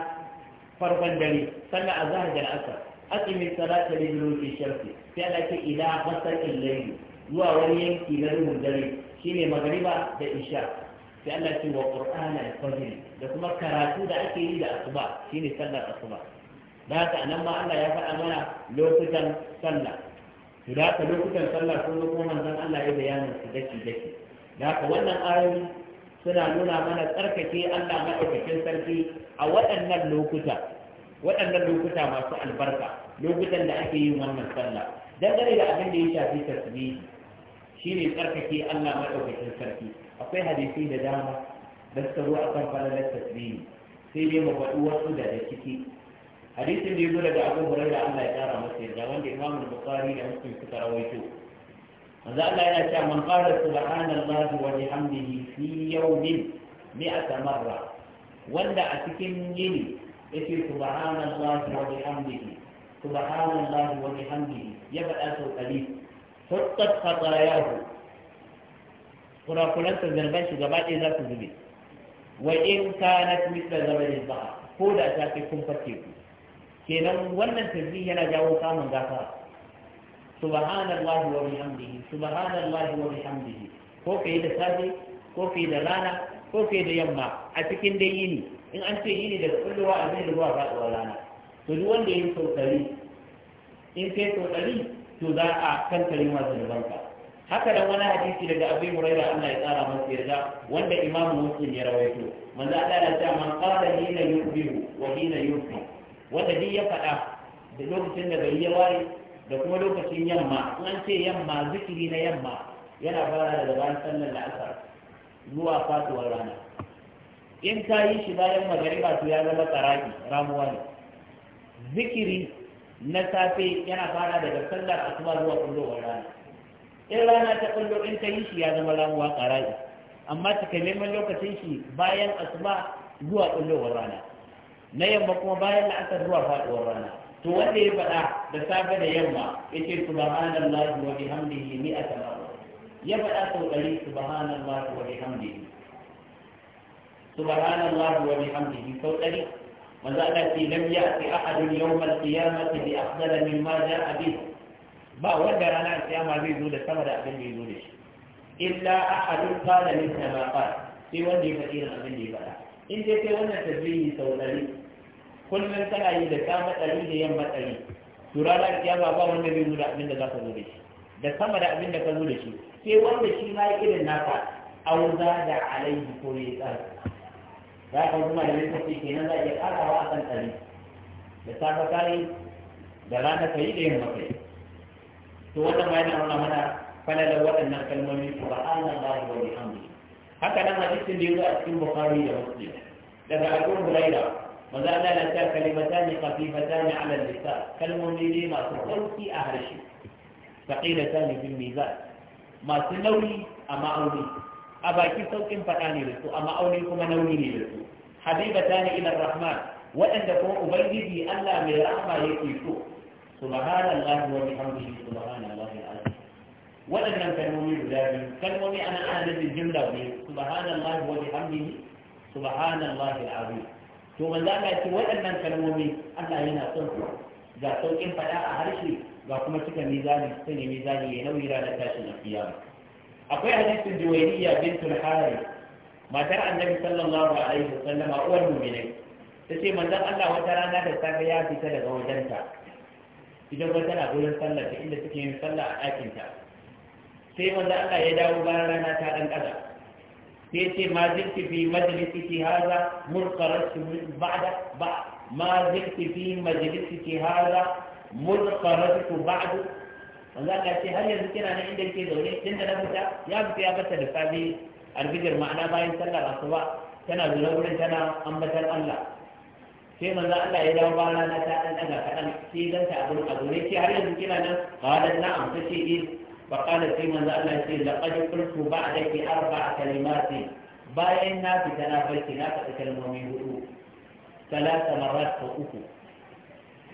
فرغا دليل صلى أذاها جل أسر أجمي صلاة نجر في الشمس فعلت إلى غسل الليل zuwa wani yanki na ruhun dare shine magariba da isha sai Allah ce wa qur'ana al-fajr da kuma karatu da ake yi da asuba shine sallar asuba da haka ma Allah ya faɗa mana lokutan sallah to da haka lokutan sallah sun zo kuma manzon Allah ya bayyana su daki daki da wannan ayoyi suna nuna mana tsarkake Allah maɗaukakin sarki a waɗannan lokuta waɗannan lokuta masu albarka lokutan da ake yin wannan sallah dangane da abin da ya shafi tasbihi ne tsarkake Allah maɗaukakin sarki akwai hadisi da dama da suka zo akan falalar tasbihi sai dai mu faɗi wasu daga ciki hadisin da yazo daga Abu Hurairah Allah ya kara masa yarda wanda Imam Bukhari da Muslim suka rawaito manzo Allah yana cewa man qala subhanallahi wa bihamdihi fi yawmin mi'ata marra wanda a cikin yini yake subhanallahi wa bihamdihi subhanallahi wa bihamdihi ya faɗa sau ɗari huttat khatayahu kurakuran ta zarban shi gaba ɗaya za su zube wa in kanat mithla zabalil bahr ko da ta kai kun fake ku kenan wannan tasbih yana jawo samun gafara subhanallahi wa bihamdihi subhanallahi wa bihamdihi ko kai da safe ko kai da rana ko kai da yamma a cikin dai yini in an ce yini da kulluwa abin da zuwa faɗuwa rana to duk wanda ya yi in kai sau to za a kankare da zunubanka haka da wani hadisi daga abu hurairah Allah ya tsara masa yarda wanda imamu muslim ya rawaito manzo Allah ya ce man qala hina yubihu wa hina yufi wanda duk ya faɗa da lokacin da bai yi waye da kuma lokacin yamma in an ce yamma zikiri na yamma yana fara daga bayan sallar la'asar zuwa fatuwar rana in ka yi shi bayan magariba to ya zama tsaraki ramuwa ne zikiri na safe yana fara daga sallar asuba zuwa kullowar rana in rana ta kullo in ka yi shi ya zama ramuwa tsaraki amma neman lokacin shi bayan asuba zuwa kullowar rana na yamma kuma bayan la'asar zuwa faɗuwar rana to wanda ya faɗa da safe da yamma ya ce subhanallahi wa bihamdihi mi'ata marra ya faɗa sau ɗari subhanallahi wa bihamdihi subhanallahi wa bihamdihi sau ɗari manzo Allah ce lam ya'ti ahadun yawm al-qiyamati bi afdala mimma ja'a bihi ba wanda ranar kiyama zai zo da sama da abin da ya zo da shi illa ahadun qala min samaqat sai wanda ya faɗi abin da ya faɗa in dai sai wannan tasbihi sau ɗari kullum kana yi da ta matsari da yamma matsari to ranar kiyama ba wanda zai zo da abin da za ka zo da shi da sama da abin da ka zo da shi sai wanda shi ma yi irin a auza da alaihi ko ya tsara za ka zuma da ce, kenan za a iya karawa a kan tsari. da safa kai da rana ka yi da yin kai to wannan ma yana nuna mana falalar waɗannan kalmomi ba a subhanallahi wani bihamdihi haka nan hadisin da ya zo a cikin bukari da muslim daga abu hurairah maza Allah na ta kalimata ne kafifata ne ala lissa kalmomi ne masu ɗauki a harshe faqilata ne bil mizan masu nauyi a ma'auni a baki sauƙin faɗa ne da su a ma'auni kuma nauyi ne da su ta ne ila rahman waɗanda kuma ubangiji Allah mai ya ke so subhanallahi wa bihamdihi subhanallahi alazim waɗannan kalmomi guda biyu kalmomi ana ana nufin jimla biyu subhanallahi wa bihamdihi subhanallahi alazim to manzo za ka ce waɗannan kalmomi Allah yana son su ga sauƙin faɗa a harshe ga kuma cika mizani sanya mizani ya nauyi ranar tashin alkiyama akwai hadisin juwairiya bin Tulhari, matar annabi sallallahu alaihi Sallama uwar mu'minai Ta tace manzan Allah wata rana da safe ya fita daga wajenta Idan kuma tana gurin sallar ta inda take yin sallah a ɗakinta. sai manza Allah ya dawo bayan rana ta ɗan ƙasa. sai ce ma zirti fi majalisi ki haza murqaratu ba'da ba ma zirti fi majalisi ki haza murqaratu ba'du wanda ka ce har yanzu kina nan inda ke zaune tunda na fita ya fita ya bata da safe alfijir ma'ana bayan sallar asuba tana zuwa wurin tana ambatar Allah sai manzo Allah ya dawo bayan rana ta dan daga kadan sai ganta abin a zaune sai har yanzu kina nan ba qalan na'am tace eh فقال في من الله arba لقد قلت بعدك أربع كلمات باينا بتنافيتنا فتكلموني هدوء ثلاث مرات فوقه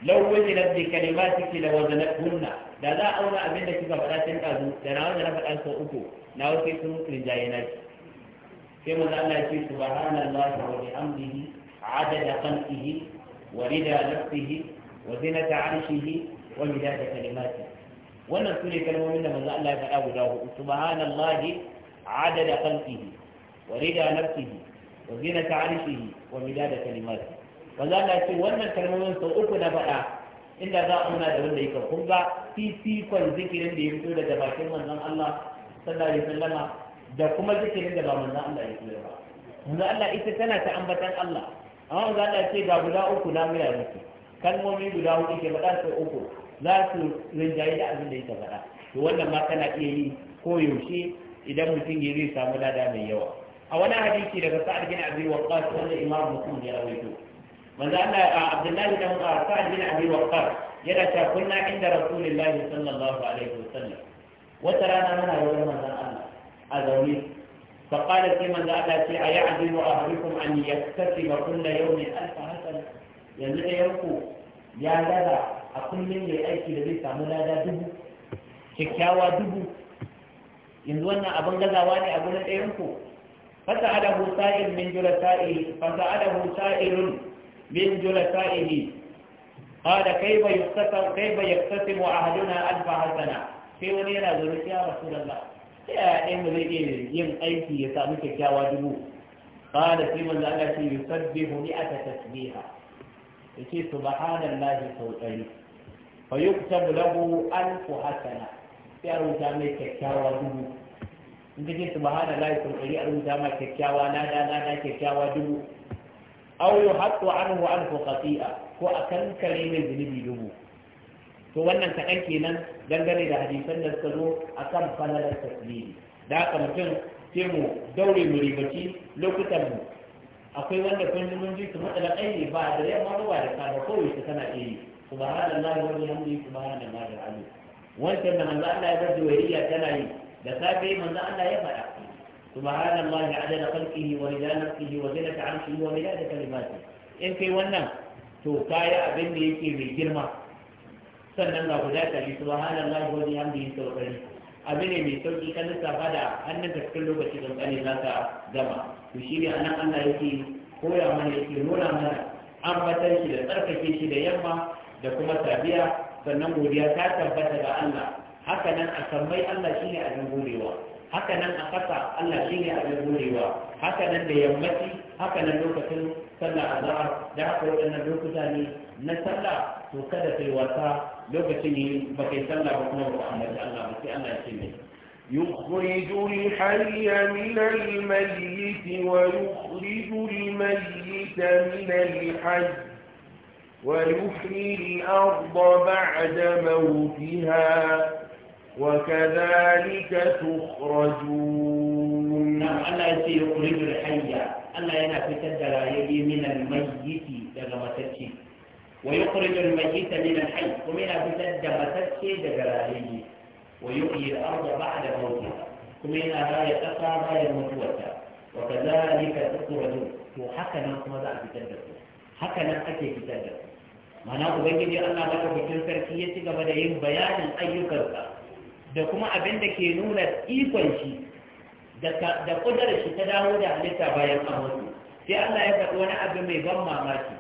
لو وزنت بكلماتك لوزنتهن da za a auna abin kika faɗa tun ɗazu da na wanda na faɗa sau uku na wasu sun rinjaye na shi sai manzo Allah ya ce adada khalqihi wa rida nafsihi wa wannan su ne kalmomin da manzo Allah ya faɗa guda hudu subhanallahi adada khalqihi wa rida nafsihi wa zinata arshihi wa midada kalimatihi manzo Allah ya ce wannan kalmomin sau uku na faɗa inda za a muna da wanda yake kun ga fifikon zikirin da ya fito daga bakin manzon Allah sallallahu alaihi wasallama da kuma zikirin da ba manzon Allah ya fito ba manzo Allah ita tana ta ambatan Allah amma manzo Allah ya ce ga guda uku na mura miki kalmomi guda hudu ke faɗa sau uku za su rinjaye da abin da ya faɗa to wannan ma kana iya yi ko yaushe idan mutum ya zai samu lada mai yawa a wani hadisi daga sa'ad bin abi waqqas wanda imam muslim ya rawaito manzo Allah Abdullahi dan sa'ad bin abi waqqas yana ta kunna inda rasulullahi sallallahu alaihi wasallam wata rana muna yawan manzo Allah a zaune فقال في من لا في أيعدل أهلكم أن يكتسب كل يوم ألف حسنة يعني يركو يا لذا a kullum ya aiki da zai samu lada dubu kyakkyawa dubu yanzu wannan abin gazawa ne a gurin ɗayan ku fasa adahu sa'il min julasa'i fasa adahu sa'ilun min julasa'ihi qala kayfa yuktasab kayfa yaktasimu ahaduna alfa hasana sai wani yana zuri ya rasulullah sai ya ɗayan mu zai iya yin aiki ya samu kyakkyawa dubu qala sai manzo Allah ya yusabbihu mi'ata tasbiha yace subhanallahi sau ɗari fa yuktabu lahu alfu hasana sai a rubuta mai kyakkyawa dubu in ka ce subhanallahi kun ɗari a rubuta mai kyakkyawa na da na da kyakkyawa dubu aw yuhattu anhu alfu an ko a kankare mai zunubi dubu to wannan kaɗan kenan dangane da hadisan da suka zo a kan falalar tasbihi da haka mutum ce mu daure mu ribaci lokutan mu akwai wanda kun ji mun ji su matsalar aini ba da yamma ba da kada kowai su tana iya subhanallahi wa bihamdihi subhanallahi alazim wancan da manzo Allah ya bar duwariya tana yi da safe manzo Allah ya faɗa subhanallahi adada khalqihi wa rida nafsihi wa zinata arshihi wa midada kalimatihi in kai wannan to kayi abin da yake mai girma sannan ga guda tari subhanallahi wa bihamdihi sau ɗari abu ne mai sauki kan lissafa da hannun ka cikin lokaci kankani za ka gama to shi ne anan Allah yake koya mana yake nuna mana an batar shi da tsarkake shi da yamma da kuma safiya sannan godiya ta tabbata ga Allah haka nan a sammai Allah shi ne abin godewa haka nan a ƙasa Allah shi ne abin godewa haka nan da yammaci haka nan lokacin sallah azhar da haka waɗannan lokuta ne na sallah to kada kai wasa lokacin ne ba sallah ba kuma ba ambaci Allah ba sai Allah ya ce mai يخرج الحي من الميت ويخرج الميت من الحي ويحيي الأرض بعد موتها وكذلك تخرجون نعم الله يخرج الحي الله ينا في من الميت دغمتك ويخرج الميت من الحي ومن في تدرى دغمتك ويحيي الأرض بعد موتها ومن لا يتقى غير موتها وكذلك تخرجون وحكنا كما ذا في حكى حكنا أتي في تدرى mana ubangiji Allah bikin sarki ya ci gaba da yin bayanin ayyukansa da kuma abin da ke nuna ikon shi da kudar shi ta dawo da halitta bayan an sai Allah ya faɗi wani abu mai ban mamaki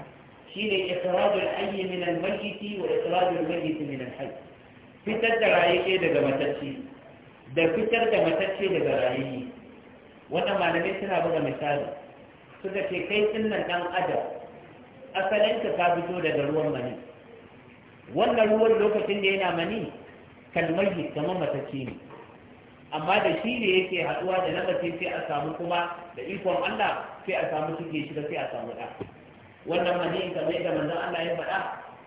ne ikradul ayyi min al-mayyit wa ikradul mayyit min al-hayy fitar da rayaye daga matacce da fitar da matacce daga rayaye wannan malamai suna buga misali suka ce kai sunan dan adam asalinka ta fito daga ruwan mani wannan ruwan lokacin da yana mani kalmayi kamar matacce ne amma da shi ne yake haɗuwa da lamace sai a samu kuma da ikon Allah sai a samu cike shiga sai a samu ɗa wannan mani kamar da manzon Allah ya faɗa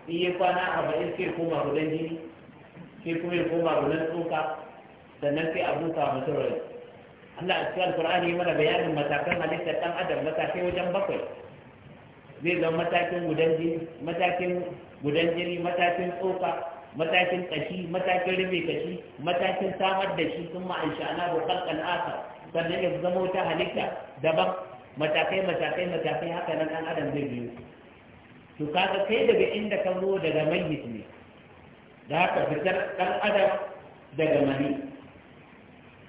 in ya kwana a in sai koma gudan jini sai kuma ya koma gudan tsoka sannan sai a buka mutum rai Allah a cikin alkur'ani mana bayanin matakan halittar ɗan adam matakai wajen bakwai zai zama matakin gudan jini matakin gudan jini matakin tsoka matakin kashi matakin rufe kashi matakin samar da shi sun ma'aisha ana bukar al'asa sannan ya zama wata halitta daban matakai matakai matakai haka nan an adam zai biyu to kaga kai daga inda ka zo daga mayyit ne da haka fitar ɗan adam daga mani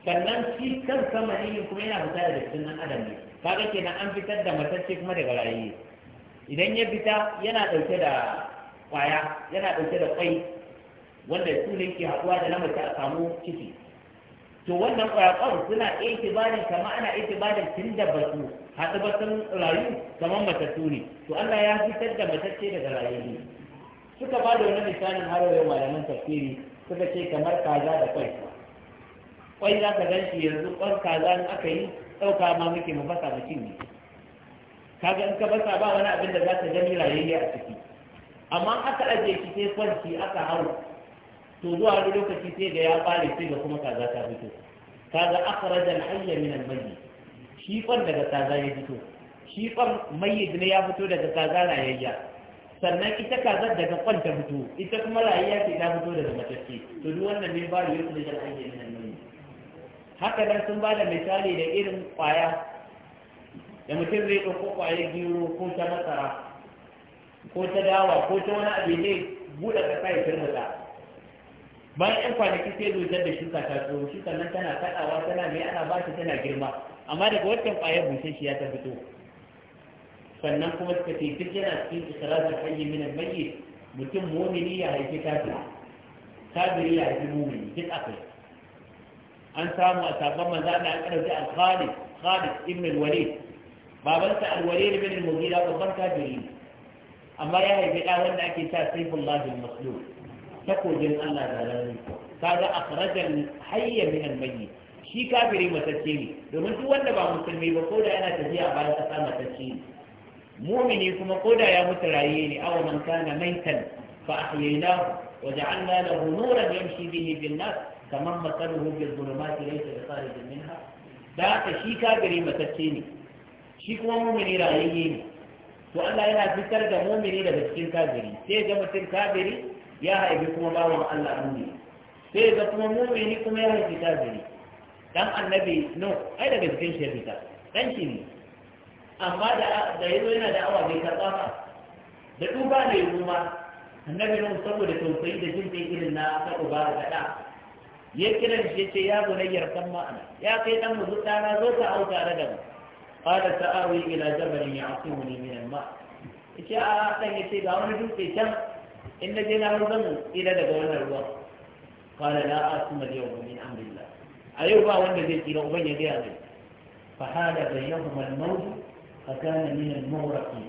sannan shi kan sama ne kuma yana fita da cikin ɗan adam ne kaga kenan an fitar da matacce kuma daga rayuwa idan ya fita yana ɗauke da ƙwaya yana ɗauke da ƙwai wanda su ne ke haɗuwa da namace a samu ciki to wannan ƙwayaƙwar suna ne kama ana da tun da ba su haɗu ba sun rayu kamar matattu ne to Allah ya fitar da matacce daga rayu ne suka ba da wani misalin har yau malaman tafsiri suka ce kamar kaza da ƙwai. Ƙwai za ka gan yanzu kwan kaza in aka yi ɗauka ma muke mu fasa mutum ne kaga in ka basa ba wani abin da za ta gani rayayya a ciki amma aka ajiye shi sai kwanci aka hau to zuwa wani lokaci sai ga ya bare sai ga kuma kaza ta fito kaga aka al-hayya min al-mayyit shi fan daga kaza ya fito shi fan mayyit ne ya fito daga kaza rayayya sannan ita kaza daga kwan ta fito ita kuma rayayya ce ta fito daga matacce to duk wannan ne bare da fito daga al-hayya min al-mayyit haka nan sun da misali da irin kwaya da mutum zai ɗauko ƙwayar gero ko ta masara ko ta dawa ko ta wani abu ne buɗe ƙasa ya turmuta bayan 'yan kwanaki sai zutar da shuka ta tsoro shi sannan tana kaɗawa tana mai ana ba shi tana girma amma daga wancan ƙwayar ya ta fito sannan kuma suka ce duk yana cikin ikirarin hayyi min al mutum mu'mini ya haifi kafiri kafiri ya haifi mu'mini duk akai an samu a sabon manzo da an karanta al-Khalid Khalid ibn al-Walid babansa alwalid bin al-mughira babban kafiri ne amma ya haifi ɗa wanda ake ta saifullah al-maslul takojin Allah da ranar kaga akhrajan hayya min al shi kafiri matacce ne domin duk wanda ba musulmi ba ko da yana tafiya a bayan kasa matacce ne mumini kuma ko da ya mutu raye ne awa man kana maitan fa ahyaynahu wa ja'alna lahu nuran yamshi bihi bin nas kaman masaluhu bil zulumati laysa bi kharijin minha da haka shi kafiri matacce ne shi kuma mumini rayayye ne to Allah yana fitar da mumini daga cikin kafiri sai ga mutum kafiri ya haifi kuma bawan Allah mumini sai ga kuma mumini kuma ya haifi kafiri dan annabi no ai daga cikin shirka dan shi ne amma da da yazo yana da awa bai karba ba da duba ne kuma annabi ne saboda tausayi da jin dai irin na ta uba da da ya kiran shi ya ce ya gunayyar kan ma'ana ya kai dan mu zo ta zo ka auta da mu ta awi ila jabalin ya'simuni min al-ma ce a dan yace ga wani dutse can inda je na hau ila tsira daga wannan ruwa qala la asma al-yawma min amrillah a yau ba wanda zai tsira uban ya gaya mai fa hada da al-mawt fa kana min al-mawraqin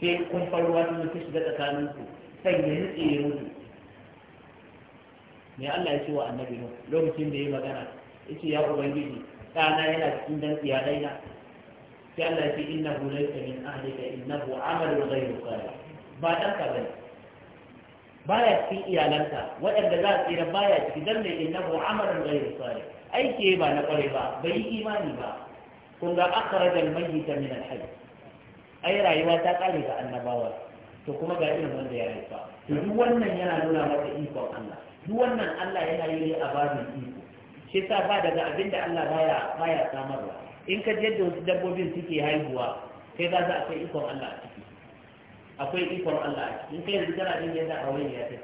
sai kun farwa sun fi shiga tsakaninku sai ya nutse ya mutu me Allah ya ce wa annabi lokacin da ya magana yace ya ubangiji ɗana yana cikin dantsiya iyalai na sai Allah ya ce innahu laysa min ahlika innahu amalu ghayru salih ba dan ka bane baya cikin iyalanka waɗanda za a tsira baya cikin dan mai innahu amalu ghayru salih aiki ba na kware ba bai yi imani ba kun ga akhrajal mayyita min al-hayy ai rayuwa ta kare ga annabawa to kuma ga irin wanda ya haifa to duk wannan yana nuna maka ikon Allah duk wannan Allah yana yi ne a babin iko shi ta ba daga abinda Allah baya baya samarwa in ka yadda wasu dabbobin suke haihuwa kai za za akwai ikon Allah a ciki akwai ikon Allah a ciki in kai yanzu kana jin yadda auren ya tafi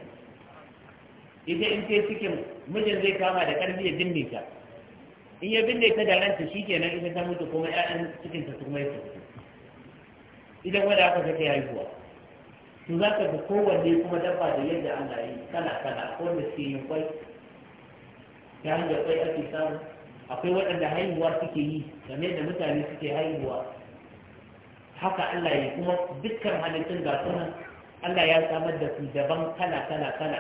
Idan in kai cikin mijin zai kama da karfi ya binne ta in ya binne ta da ranta shikenan ita ta mutu kuma ƴaƴan cikin ta kuma ya tafi idan wanda aka kake haihuwa to za ka ga kowanne kuma dabba da yadda Allah ya yi kala kala ko da suke yin kwai ta hanyar kwai ake samu akwai waɗanda haihuwa suke yi game da mutane suke haihuwa haka Allah ya kuma dukkan halittun ga suna. Allah ya samar da su daban kala kala kala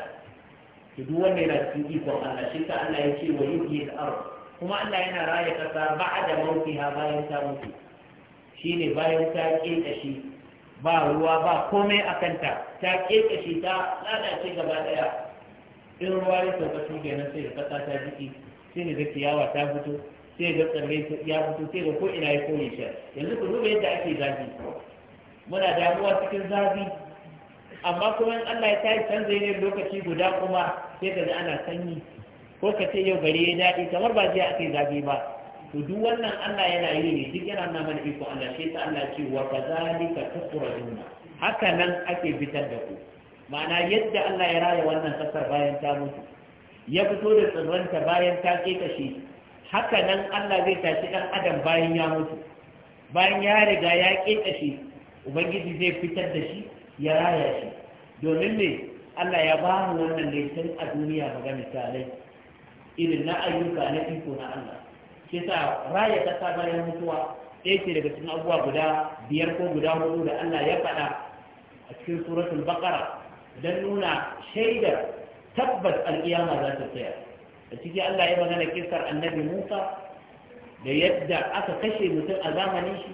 duk wanda yana cikin ikon Allah shi ka Allah ya ce wa yuhyi al-ard kuma Allah yana raya kasa ba'da mautiha bayan ta mutu shine bayan ta kekashi ba ruwa ba komai a kanta ta kekashi ta lalace gaba daya in ruwa ya sauka shi kenan sai kasa ta jiki sai zai ciyawa ta fito sai ga tsirrai ya fito sai ga ko ina ya kone shi yanzu ku duba yadda ake zafi muna damuwa cikin zafi amma kuma in Allah ya tashi canza ne lokaci guda kuma sai ka ana sanyi ko ka ce yau gari ya daɗi kamar ba jiya ake zafi ba to duk wannan Allah yana yi ne duk yana nuna mana iko Allah sai ta Allah ce wa kazalika tukhrajuna haka nan ake fitar da ku ma'ana yadda Allah ya raya wannan kasar bayan ta mutu ya fito da tsirranta bayan ta kekashe. haka nan Allah zai tashi ɗan adam bayan ya mutu bayan ya riga ya kekashe, ubangiji zai fitar da shi ya raya shi domin ne Allah ya ba mu wannan laifin a duniya ga misalai irin na ayyuka na iko na Allah shi sa raya sa bayan mutuwa ɗaya ce daga cikin abubuwa guda biyar ko guda hudu da Allah ya faɗa a cikin suratun baqara don nuna shaidar tabbas alƙiyama za ta tsaya a ciki Allah ya magana kisar annabi Musa da yadda aka kashe mutum a zamanin shi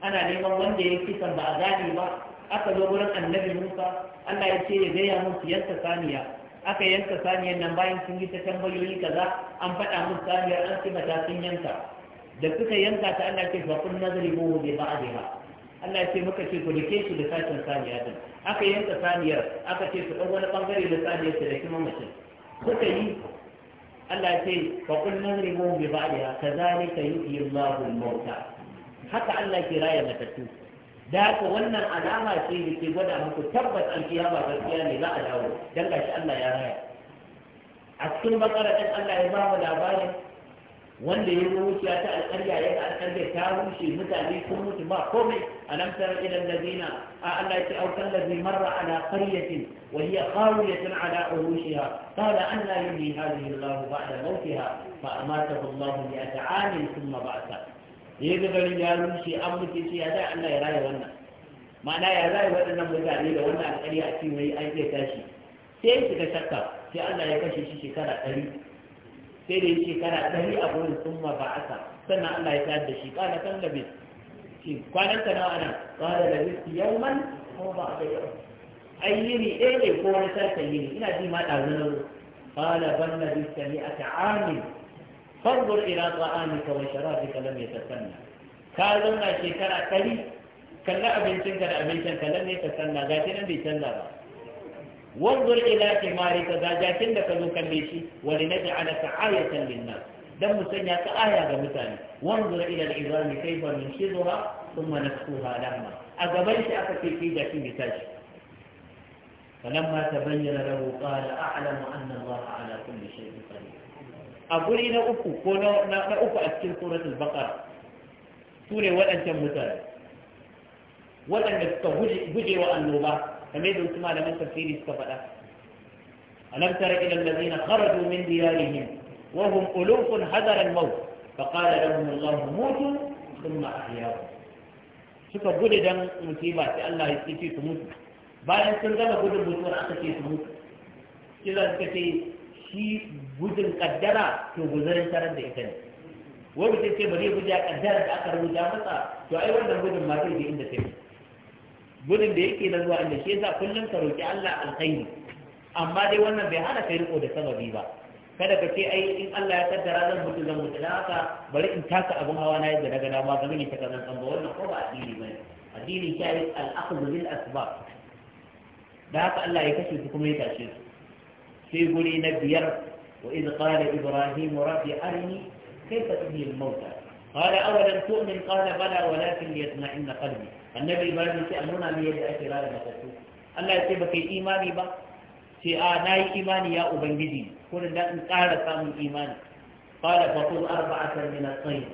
ana neman wanda ya kisan ba a gane ba aka zo wurin annabi Musa Allah ya ce ya gaya musu yanka saniya aka yanka saniyar nan bayan sun yi ta tambayoyi kaza an faɗa musu saniyar an ci mata sun yanka da suka yanka ta Allah ce fa kun nazari ba a ba'diha Allah ce muka ce ku dake da sashen saniya din aka yanka saniyar aka ce su ɗan wani ɓangare da saniyar su da kuma mace suka yi Allah ce fa kun nan rimu bi ba'diha kazalika yuhyi Allahu al-mauta haka Allah ke raya matattu da haka wannan alama ce da ke gwada muku tabbas alkiyama gaskiya ne za a dawo dan gashi Allah ya raya a cikin bakara ɗan Allah ya ba mu labarin wanda ya zo wuciya ta alƙarya ya ga alƙarya ta rushe mutane sun mutu ba komai alam tara ila allazina a Allah ya ce au kallazi marra ala qaryatin wa hiya khawiyatun ala urushiha qala anna yuhyi hadhihi Allah ba'da mawtiha fa amatahu Allah bi at'amin thumma ba'atha ya ga garin ya rushe an mutu shi ya da Allah ya raya wannan ma'ana ya raya waɗannan mutane da wannan alƙarya a cikin wai an iya tashi sai suka shakka sai Allah ya kashe shi shekara ɗari sai da yake shekara tari a gurin sun ma ba asa sannan Allah ya tayar da shi Kana kan labis shi kwanan ka nawa nan ƙala labis yawman ko ba a yi. yau yi ni ɗaya ne ko wani yi ni ina ji ma ɗazu na ƙala ban labis ka ni a ta'amin fanzur ila ta'amika wa sharabika lam yatasanna ka zauna shekara tari kalla abincin ka da abincin ka ta sanna ga shi nan bai canza ba wanzur ila kimari ta zajakin da ka zo kalle shi wa li naj'ala ka ayatan lin nas dan mu sanya ka aya ga mutane wanzur ila al izam kayfa nushidha thumma nasquha lamma a gaban shi aka ce ki da kin bita shi falamma tabayyana lahu qala a'lamu anna allah ala kulli shay'in qadir a guri na uku ko na uku a cikin suratul baqara sune waɗancan mutane waɗanda suka guje wa annoba kamar da wasu malaman tafsiri suka faɗa alam tara ila allazina kharaju min diyarihim wa hum ulufun hadara al-maut fa qala lahum Allah mutu thumma ahyahum suka gudu dan musiba sai Allah ya ce su mutu bayan sun gama gudun mutuwar aka ce su mutu shi za suka ce shi gudun kaddara to guzarin tarar da ita ne wani sai ce bari gudu ya kaddara da aka rubuta masa to ai wannan gudun ma zai je inda take gudun da yake na zuwa inda shi yasa kullum ka roki Allah alkhairi amma dai wannan bai hana kai riko da sababi ba kada ka ce ai in Allah ya kaddara zan mutu zan mutu dan haka bari in taka abun hawa na yadda daga dama ga mini taka zan ba wannan ko ba addini bane addini kai al-akhdhu bil asbab da haka Allah ya kashe su kuma ya tashe su sai guri na biyar wa iz qala ibrahim rabbi arini kayfa tuhyi al-mauta qala awalan tu'min qala bala walakin liyatma'inna qalbi annabi ibrahim sai a nuna mai yadda ake rada matattu Allah ya ce ba kai imani ba ce a ah, na yi imani ya ubangiji ko da da ƙara samun imani fara fa qul arba'atan min as-sayr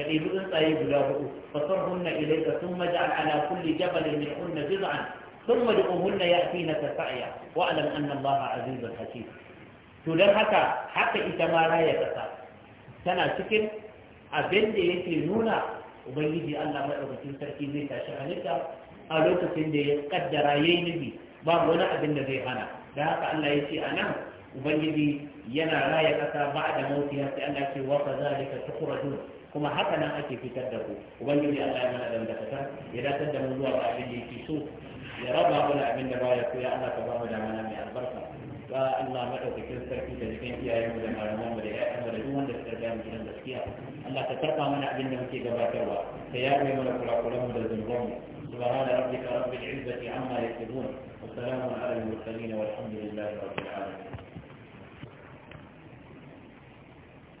ka ɗebi tsuntsaye guda hudu fa sarhunna ilayka thumma ja'al ala kulli jabalin minhunna juz'an ثم دعوهن يأتينك سعيا واعلم أن الله عزيز حكيم to dan haka haka ita ma raya kasa. tana cikin abin da yake nuna ubangiji Allah madaukakin sarki zai tashi halitta a lokacin da ya kaddara yayi nabi babu wani abin da zai hana da haka Allah ya ce anan ubangiji yana raya kasa ba da mautiya sai Allah ce wa tukura tukhrajun kuma haka nan ake fitar da ku ubangiji Allah ya mana dan da kasa ya datar da mu zuwa ga abin da yake so ya raba mu da abin da baya so ya Allah ka ba mu da mana mai albarka ba Allah madaukakin sarki da cikin iyayen mu da malaman mu mu gidan gaskiya Allah ka karɓa mana abin da muke gabatarwa ka yafe mana kurakuran da zunubanmu سبحان ربك رب العزة عما يصفون وسلام على المرسلين والحمد لله رب العالمين